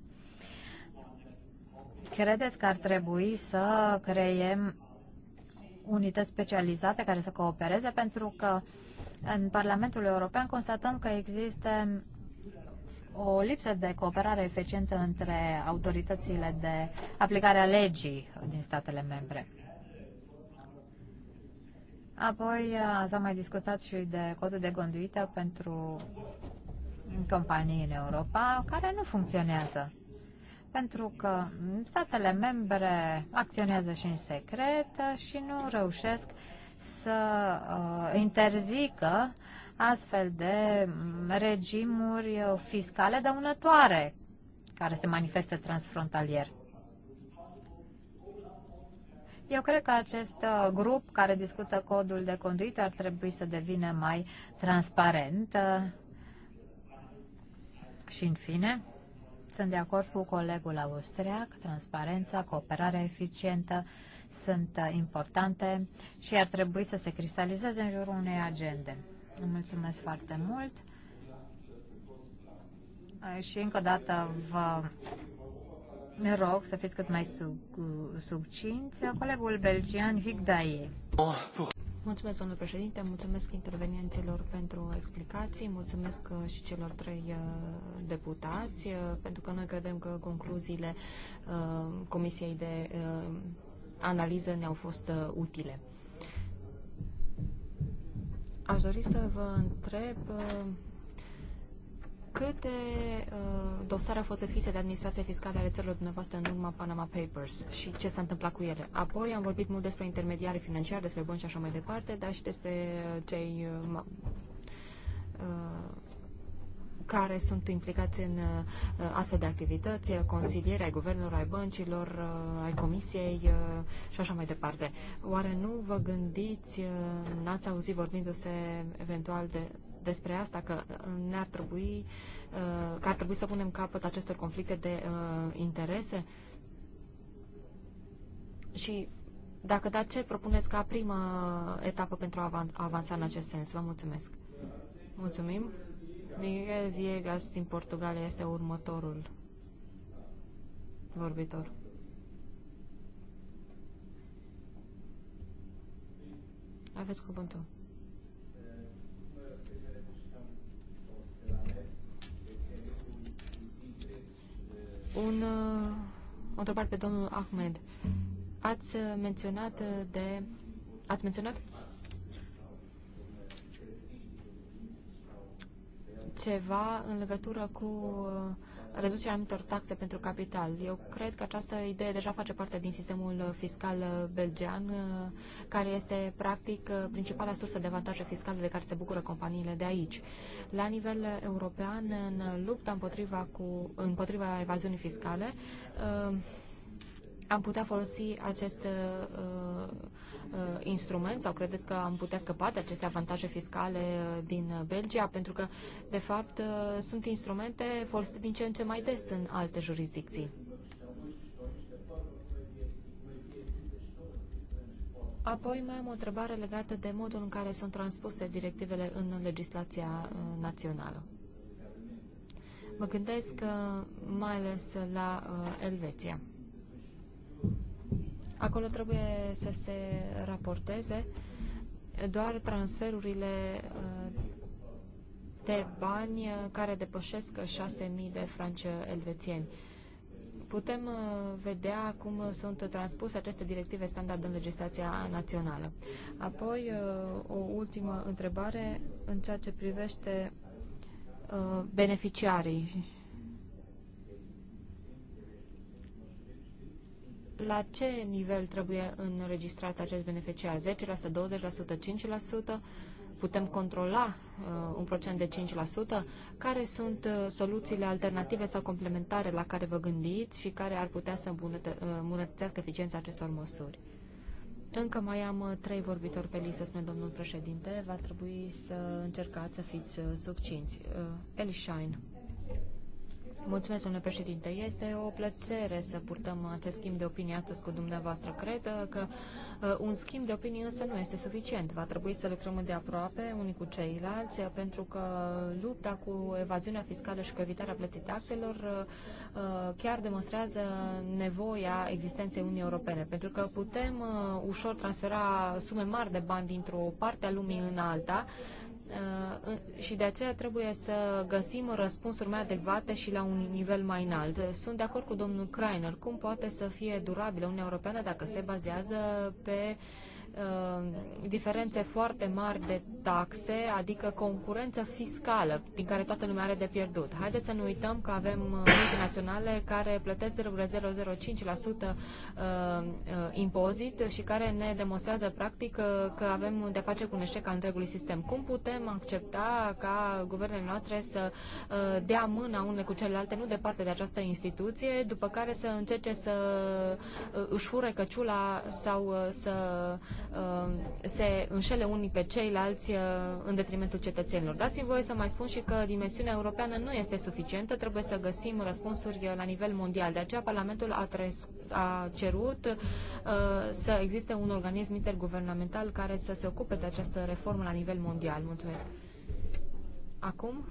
Credeți că ar trebui să creiem unități specializate care să coopereze? Pentru că în Parlamentul European constatăm că există o lipsă de cooperare eficientă între autoritățile de aplicare a legii din statele membre. Apoi s-a mai discutat și de codul de conduită pentru companii în Europa, care nu funcționează. Pentru că statele membre acționează și în secret și nu reușesc să uh, interzică astfel de regimuri fiscale dăunătoare care se manifestă transfrontalier. Eu cred că acest uh, grup care discută codul de conduită ar trebui să devină mai transparent. Uh, și în fine, sunt de acord cu colegul austriac, transparența, cooperarea eficientă sunt uh, importante și ar trebui să se cristalizeze în jurul unei agende. Mulțumesc foarte mult. Și încă o dată vă ne rog să fiți cât mai sub succinți. Colegul belgian Daie. Mulțumesc, domnule președinte, mulțumesc intervenienților pentru explicații, mulțumesc uh, și celor trei uh, deputați, uh, pentru că noi credem că concluziile Comisiei de Analiză ne-au fost utile. Aș dori să vă întreb uh, câte uh, dosare au fost deschise de administrația fiscală ale țărilor dumneavoastră în urma Panama Papers și ce s-a întâmplat cu ele. Apoi am vorbit mult despre intermediari financiari, despre bănci și așa mai departe, dar și despre uh, cei uh, uh care sunt implicați în uh, astfel de activități, consilieri ai guvernului, ai băncilor, uh, ai comisiei uh, și așa mai departe. Oare nu vă gândiți, n-ați auzit vorbindu-se eventual de despre asta, că ne-ar trebui, că ar trebui să punem capăt acestor conflicte de interese? Și dacă da, ce propuneți ca primă etapă pentru a avansa în acest sens? Vă mulțumesc. Mulțumim. Miguel Viegas din Portugalia este următorul vorbitor. Aveți cuvântul. Un, uh, o întrebare pe domnul Ahmed. Ați uh, menționat uh, de ați menționat ceva în legătură cu uh, reducerea anumitor taxe pentru capital. Eu cred că această idee deja face parte din sistemul fiscal uh, belgean, uh, care este practic principala sursă de avantaje fiscale de care se bucură companiile de aici. La nivel european, în lupta împotriva, cu, împotriva evaziunii fiscale, am putea folosi acest uh, Uh, instrument sau credeți că am putea scăpa de aceste avantaje fiscale uh, din uh, Belgia? Pentru că, de fapt, sunt instrumente folosite din ce în ce mai des în alte jurisdicții. Apoi mai am o întrebare legată de modul în care sunt transpuse directivele în legislația națională. Mă gândesc mai ales la Elveția. Acolo trebuie să se raporteze doar transferurile uh, de bani uh, care depășesc 6.000 de franci uh, elvețieni. Putem vedea cum sunt transpuse aceste directive standard în legislația națională. Apoi, o ultimă întrebare în ceea ce privește beneficiarii la ce nivel trebuie înregistrat acest beneficiar? 10%, 20%, 5%? Putem controla uh, un procent de 5%? Care sunt uh, soluțiile alternative sau complementare la care vă gândiți și care ar putea să uh, îmbunătățească eficiența acestor măsuri? Încă mai am uh, trei vorbitori pe listă, spune domnul președinte. Va trebui să încercați să fiți uh, succinți. Eli Shine. Mulțumesc, domnule președinte. Este o plăcere să purtăm acest schimb de opinie astăzi cu dumneavoastră. Cred că uh, un schimb de opinie însă nu este suficient. Va trebui să lucrăm de aproape unii cu ceilalți, pentru că lupta cu evaziunea fiscală și cu evitarea plății taxelor uh, uh, chiar demonstrează nevoia existenței Uniunii Europene, pentru că putem ușor transfera sume mari de bani dintr-o parte a lumii în alta, Uh, și de aceea trebuie să găsim răspunsuri mai adecvate și la un nivel mai înalt. Sunt de acord cu domnul Kreiner. Cum poate să fie durabilă Uniunea Europeană dacă se bazează pe uh, Uh, diferențe foarte mari de taxe, adică concurență fiscală, din care toată lumea are de pierdut. Haideți să nu uităm că avem uh, multinaționale care plătesc 0,005% uh, impozit și care ne demonstrează practic că avem de face cu un eșec al întregului sistem. Cum putem accepta ca guvernele noastre să dea mâna unele cu celelalte, nu departe de această instituție, după care să încerce să își fure căciula sau să Uh, se înșele unii pe ceilalți uh, în detrimentul cetățenilor. Dați-mi voie să mai spun și că dimensiunea europeană nu este suficientă, trebuie să găsim răspunsuri uh, la nivel mondial. De aceea Parlamentul a, tres- a cerut să existe un organism interguvernamental care să se ocupe de această reformă la nivel mondial. Mulțumesc. Acum,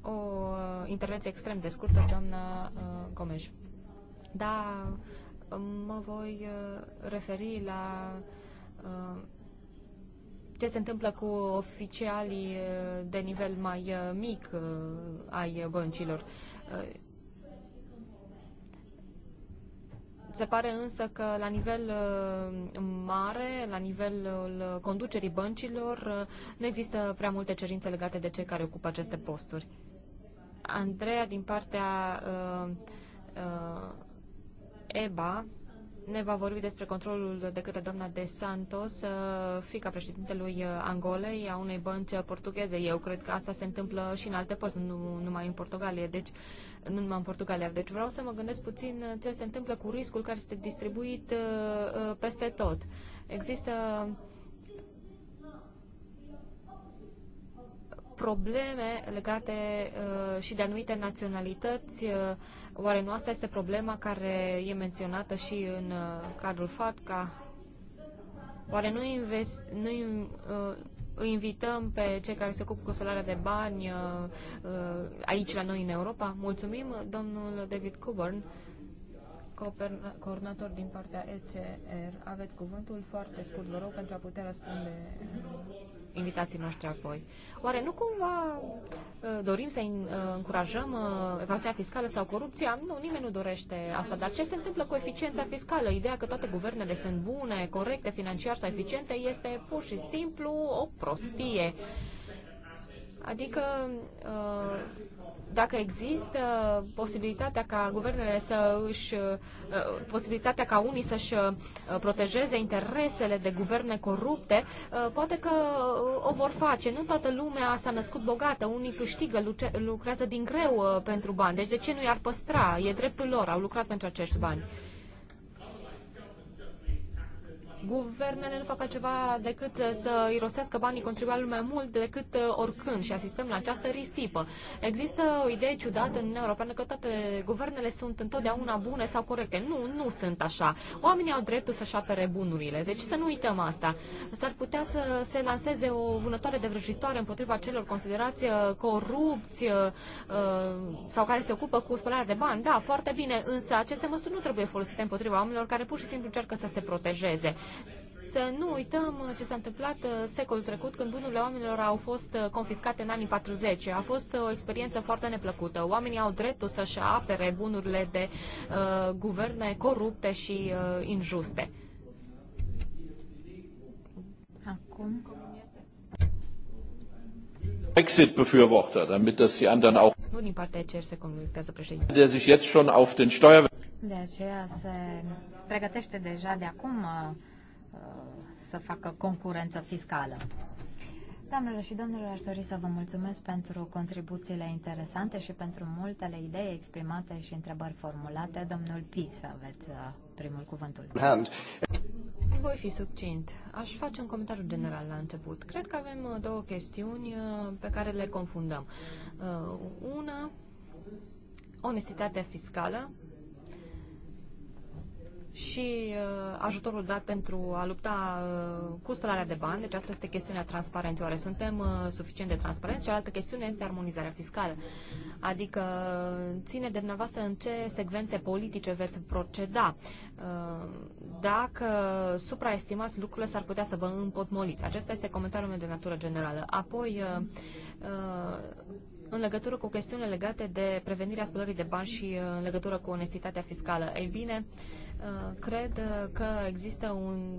o intervenție extrem de scurtă, doamna uh, Gomes. Da, mă voi uh, referi la uh, ce se întâmplă cu oficialii uh, de nivel mai mic ai băncilor. Se pare însă că la nivel mare, la nivelul conducerii băncilor, nu există prea multe cerințe legate de cei care ocupă aceste posturi. Andreea, din partea uh, uh, EBA ne va vorbi despre controlul de către doamna De Santos, uh, fica președintelui uh, Angolei, a unei bănci uh, portugheze. Eu cred că asta se întâmplă și în alte părți, nu numai în Portugalia. Deci, nu numai în Portugalia. Deci vreau să mă gândesc puțin ce se întâmplă cu riscul care este distribuit peste tot. Există probleme legate și de anumite naționalități Oare nu asta este problema care e menționată și în uh, cadrul FATCA? Oare nu, invest, nu uh, îi invităm pe cei care se ocupă cu spălarea de bani uh, uh aici la noi în Europa? Mulțumim, domnul David Coburn coordonator din partea ECR. Aveți cuvântul foarte scurt, vă rog, pentru a putea răspunde invitații noștri apoi. Oare nu cumva uh, dorim să uh, încurajăm uh, evaziunea fiscală sau corupția? Nu, nimeni nu dorește asta. Dar ce se întâmplă cu eficiența fiscală? Ideea că toate guvernele sunt bune, corecte, financiar sau eficiente este pur și simplu o prostie. Adică, uh, dacă există posibilitatea ca guvernele să își, uh, posibilitatea ca unii să-și uh, protejeze interesele de guverne corupte, poate că o vor face. Nu toată lumea s-a născut bogată, unii câștigă, lucrează din greu pentru bani. Deci de ce nu i-ar păstra? E dreptul lor, au lucrat pentru acești bani. Guvernele nu fac altceva decât uh, să irosească banii contribuabilului mai mult decât uh, oricând și asistăm la această risipă. Există o idee ciudată în Uniunea Europeană că toate guvernele sunt întotdeauna bune sau corecte. Nu, nu sunt așa. Oamenii au dreptul să-și apere bunurile, deci să nu uităm asta. S-ar putea să se lanseze o vânătoare de vrăjitoare împotriva celor considerați uh, corupți sau care se ocupă cu spălarea de bani. Da, foarte bine, însă aceste măsuri nu trebuie folosite împotriva oamenilor care pur și simplu încearcă să se protejeze. Să nu uităm uh, ce s-a întâmplat uh, secolul trecut când bunurile oamenilor au fost uh, confiscate în anii 40. A fost o experiență foarte neplăcută. Oamenii au dreptul să-și apere bunurile de uh, guverne corupte și uh, injuste. Acum. Brexit-Befürworter, damit das die anderen auch. Nu din partea cer se comunicează președinte. Der sich jetzt schon auf den Steuer... De aceea se pregătește deja de acum uh, Uh, să facă concurență fiscală. Doamnelor și domnilor, aș dori să vă mulțumesc pentru contribuțiile interesante și pentru multele idei exprimate și întrebări formulate. Domnul Pis, aveți uh, primul cuvântul. Voi fi succint. Aș face un comentariu general la început. Cred că avem uh, două chestiuni pe care le confundăm. Una, onestitatea fiscală și uh, ajutorul dat pentru a lupta uh, cu spălarea de bani. Deci asta este chestiunea transparenței. Oare suntem uh, suficient de transparenți? Cealaltă chestiune este armonizarea fiscală. Adică uh, ține de dumneavoastră în ce secvențe politice veți proceda. Uh, dacă supraestimați lucrurile, s-ar putea să vă împotmoliți. Acesta este comentariul meu de natură generală. Apoi, uh, uh, în legătură cu chestiunile legate de prevenirea spălării de bani și uh, în legătură cu onestitatea fiscală. Ei bine, uh, Uh, cred uh, că există un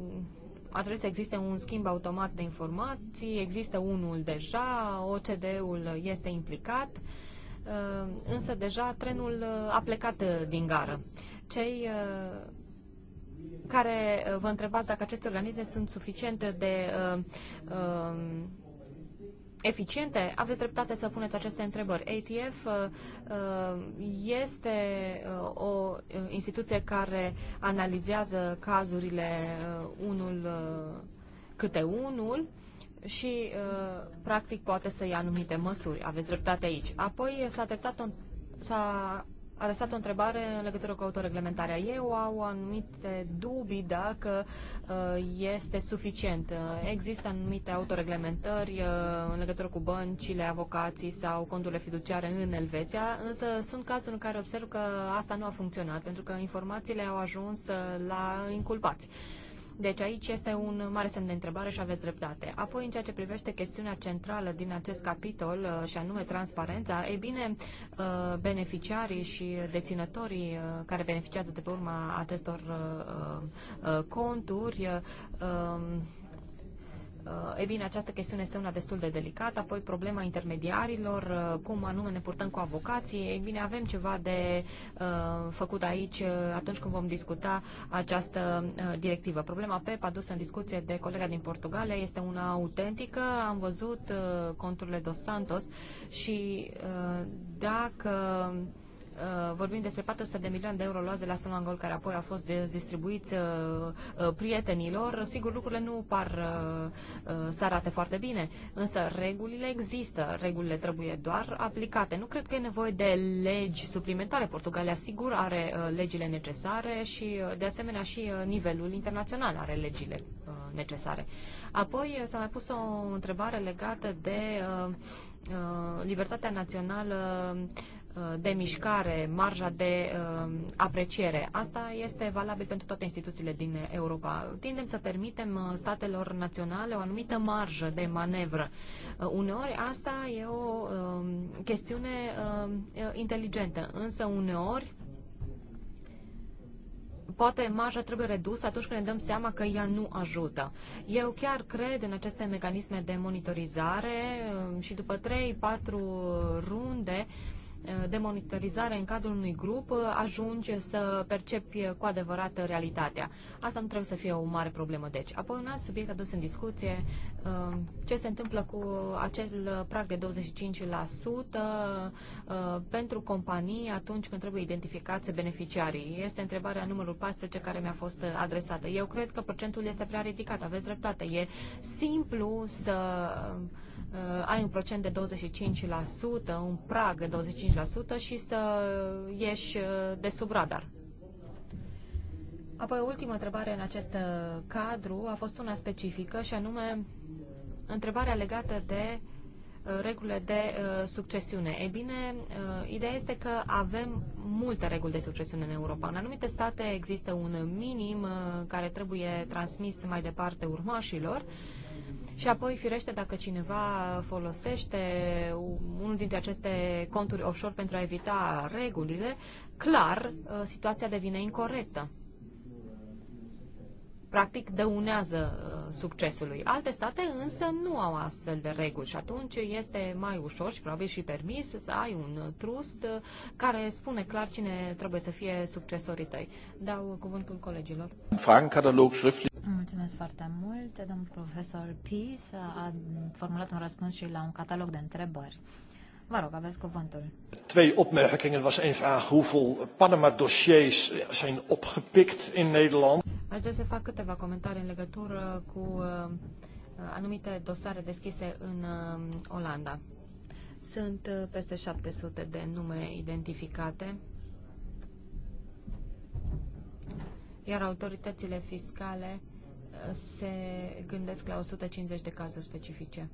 ar trebui să existe un schimb automat de informații, există unul deja, OCD-ul este implicat, uh, însă deja trenul a plecat din gară. Cei care vă întrebați dacă aceste organisme sunt suficiente de eficiente? Aveți dreptate să puneți aceste întrebări. ATF uh, uh, este uh, o instituție care analizează cazurile unul câte unul și, practic, poate să ia anumite măsuri. Aveți dreptate aici. Apoi s-a, s-a lăsat o întrebare în legătură cu autoreglementarea. Eu au anumite dubii dacă uh, este suficient. Uh, există anumite autoreglementări uh, în legătură cu băncile, avocații sau conturile fiduciare în Elveția, însă sunt cazuri în care observ că asta nu a funcționat, pentru că informațiile au ajuns la inculpați. Deci aici este un mare semn de întrebare și aveți dreptate. Apoi, în ceea ce privește chestiunea centrală din acest capitol, uh, și anume transparența, e bine, uh, beneficiarii și deținătorii uh, care beneficiază de pe urma acestor conturi um, Eh, e bine, această chestiune este una destul de delicată, apoi problema intermediarilor, eh, cum anume ne purtăm cu avocații. E bine, avem ceva de uh, făcut aici atunci când vom discuta această uh, directivă. Problema PEP adusă în discuție de colega din Portugalia este una autentică. Am văzut uh, conturile Dos Santos și dacă Uh, vorbim despre 400 de milioane de euro luați de la Somangol, care apoi a fost distribuiți uh, uh, prietenilor, sigur lucrurile nu par să arate foarte bine, însă regulile există, regulile trebuie doar aplicate. Nu cred că e nevoie de legi suplimentare. Portugalia sigur are legile necesare și de asemenea și nivelul internațional are legile necesare. Apoi s-a mai pus o întrebare legată de libertatea națională Uh, de mișcare, marja de uh, apreciere. Asta este valabil pentru toate instituțiile din Europa. Tindem să permitem uh, statelor naționale o anumită marjă de manevră. Uneori asta e o um, chestiune inteligentă, însă uneori poate marja trebuie redusă atunci când ne dăm seama că ea nu ajută. Eu chiar cred în aceste mecanisme de monitorizare și după 3-4 runde uh, de monitorizare în cadrul unui grup, uh, ajungi să percepi cu adevărat realitatea. Asta nu trebuie să fie o mare problemă, deci. Apoi un alt subiect adus în discuție, uh, ce se întâmplă cu acel prag de 25% uh, pentru companii atunci când trebuie identificați beneficiarii. Este întrebarea numărul 14 care mi-a fost adresată. Eu cred că procentul este prea ridicat, aveți dreptate. E simplu să uh, ai un procent de 25%, un prag de 25% și să ieși uh, de sub radar. Apoi, ultima întrebare în acest uh, cadru a fost una specifică și anume întrebarea legată de uh, regulile de uh, succesiune. E bine, uh, ideea este că avem multe reguli de succesiune în Europa. În anumite state există un minim uh, care trebuie transmis mai departe urmașilor, uh, și apoi, firește, dacă cineva folosește unul dintre aceste conturi offshore pentru a evita regulile, clar, uh, situația devine incorrectă practic dăunează uh, succesului. Alte state însă nu au astfel de reguli și atunci este mai ușor și probabil și permis să ai un trust uh, care spune clar cine trebuie să fie succesorii tăi. Dau cuvântul colegilor. Mulțumesc foarte mult. Domnul profesor Pis a formulat un răspuns și la un catalog de întrebări. Vă rog, aveți cuvântul. Twee opmerkingen er was één vraag. Hoeveel Panama-dossiers zijn opgepikt in Nederland? Aș vrea să fac câteva comentarii în legătură cu uh, uh, anumite dosare deschise în uh, Olanda. Sunt peste 700 de nume identificate, iar autoritățile fiscale se gândesc la 150 de cazuri specifice.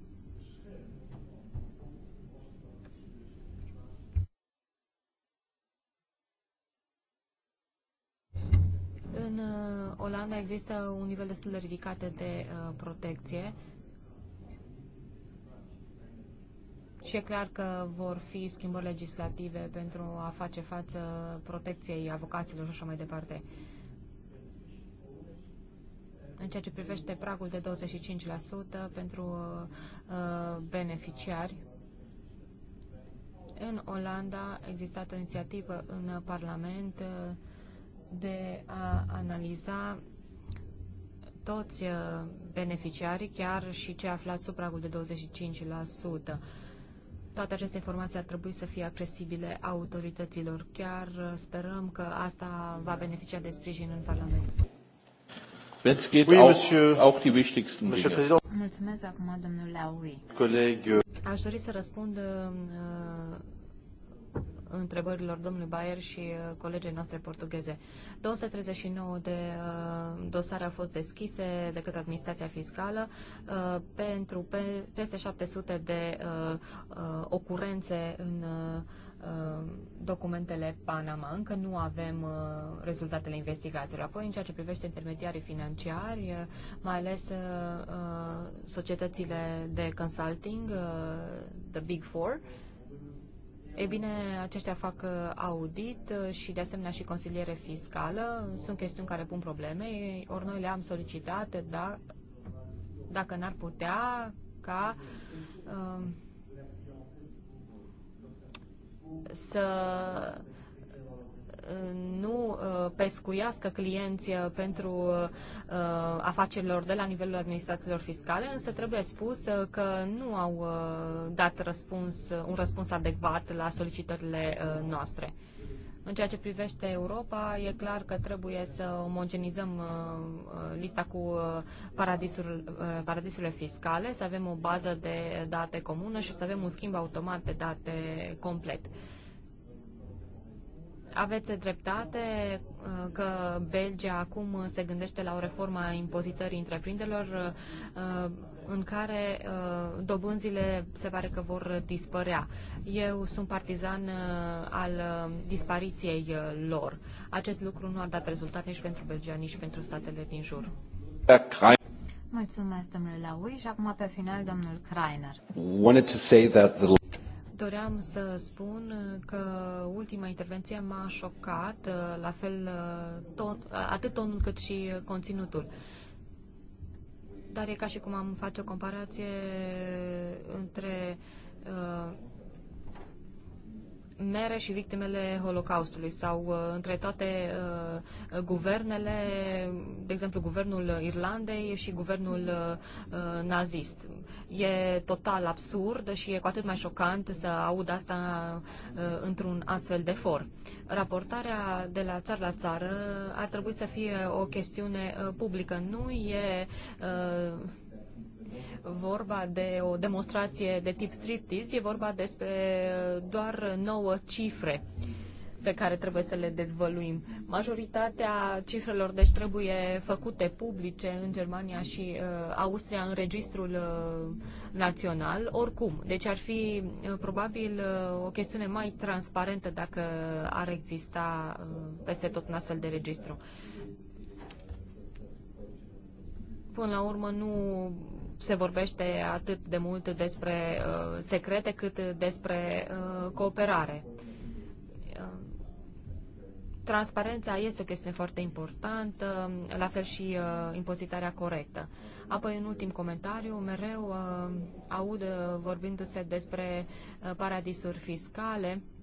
în uh, Olanda există un nivel destul de ridicat de uh, protecție și e clar că vor fi schimbări legislative pentru a face față protecției avocaților și așa mai departe. În ceea ce privește pragul de 25% pentru uh, uh, beneficiari, în Olanda a existat o inițiativă în Parlament uh, de a analiza toți uh, beneficiarii, chiar și ce aflați sub pragul de 25%. Toate aceste informații ar trebui să fie accesibile autorităților. Chiar uh, sperăm că asta va beneficia de sprijin în Parlament. Mulțumesc acum, domnule Aui. Euh, Aș dori să răspund uh, uh întrebărilor domnului Bayer și uh, colegii noastre portugheze. 239 de uh, dosare au fost deschise de către administrația fiscală uh, pentru peste 700 de ocurențe în documentele Panama. Încă nu avem rezultatele investigațiilor. Apoi, în ceea ce privește intermediarii financiari, mai ales societățile de consulting, The Big Four, E bine, aceștia fac uh, audit uh, și de asemenea și consiliere fiscală. Sunt chestiuni care pun probleme, ori noi le-am solicitat, da, dacă n-ar putea ca uh, să nu uh, pescuiască clienți uh, pentru uh, afacerilor de la nivelul administrațiilor fiscale, însă trebuie spus că nu au dat răspuns, un răspuns adecvat la solicitările noastre. În ceea ce privește Europa, e clar că trebuie să omogenizăm lista cu paradisurile, paradisurile fiscale, să avem o bază de date comună și să avem un schimb automat de date complet. Aveți dreptate uh, că Belgia acum se gândește la o reformă a impozitării întreprinderilor uh, în care uh, dobânzile se pare că vor dispărea. Eu sunt partizan al dispariției lor. Acest lucru nu a dat rezultat nici pentru Belgia, nici pentru statele din jur. Mulțumesc, domnule Laui. Și acum, pe final, domnul Kreiner. Doream să spun că ultima intervenție m-a șocat, uh, la fel uh, ton, uh, atât tonul cât și conținutul. Dar e ca și cum am face o comparație între uh, mere și victimele Holocaustului sau uh, între toate uh, guvernele, de exemplu guvernul Irlandei și guvernul uh, nazist. E total absurd și e cu atât mai șocant să aud asta într-un astfel de for. Raportarea de la țară la țară ar trebui să fie o chestiune publică. Nu e vorba de o demonstrație de tip striptease, e vorba despre uh, doar nouă cifre pe care trebuie să le dezvăluim. Majoritatea cifrelor deci trebuie făcute publice în Germania și uh, Austria în registrul uh, național, oricum. Deci ar fi uh, probabil uh, o chestiune mai transparentă dacă ar exista uh, peste tot un astfel de registru. Până la urmă nu se vorbește atât de mult despre uh, secrete cât despre uh, cooperare. Uh, transparența este o chestiune foarte importantă, la fel și uh, impozitarea corectă. Apoi, în ultim comentariu, mereu uh, aud uh, vorbindu-se despre uh, paradisuri fiscale. Uh,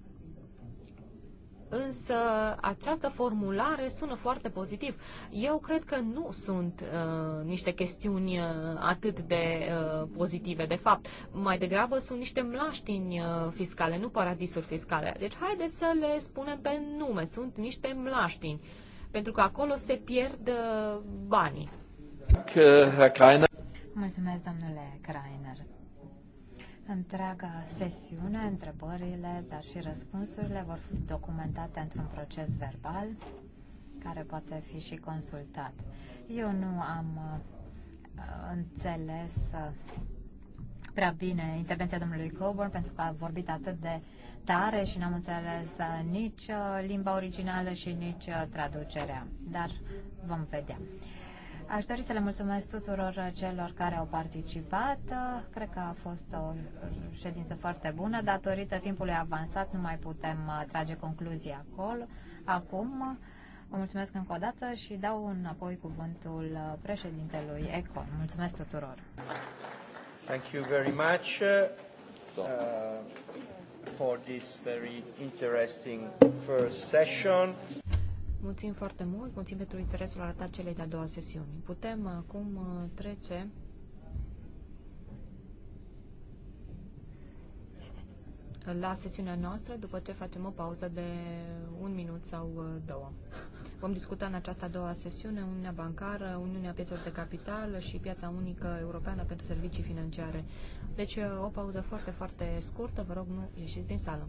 Însă această formulare sună foarte pozitiv. Eu cred că nu sunt uh, niște chestiuni uh, atât de uh, pozitive, de fapt. Mai degrabă sunt niște mlaștini uh, fiscale, nu paradisuri fiscale. Deci haideți să le spunem pe nume. Sunt niște mlaștini. Pentru că acolo se pierd uh, banii. Mulțumesc, domnule Kreiner. Întreaga sesiune, întrebările, dar și răspunsurile vor fi documentate într-un proces verbal care poate fi și consultat. Eu nu am uh, înțeles uh, prea bine intervenția domnului Coburn pentru că a vorbit atât de tare și n-am înțeles uh, nici uh, limba originală și nici uh, traducerea, dar vom vedea. Aș dori să le mulțumesc tuturor celor care au participat. Cred că a fost o ședință foarte bună. Datorită timpului avansat nu mai putem uh, trage concluzii acolo. Acum vă mulțumesc încă o dată și dau înapoi cuvântul uh, președintelui Econ. Mulțumesc tuturor! Thank you very much uh, uh for this very interesting first session. Mulțumim foarte mult, mulțumim pentru interesul arătat celei de-a doua sesiuni. Putem acum uh, trece la sesiunea noastră după ce facem o pauză de un minut sau uh, două. Vom discuta în această a doua sesiune Uniunea Bancară, Uniunea Piețelor de Capital și Piața Unică Europeană pentru Servicii Financiare. Deci uh, o pauză foarte, foarte scurtă. Vă rog, nu ieșiți din sală.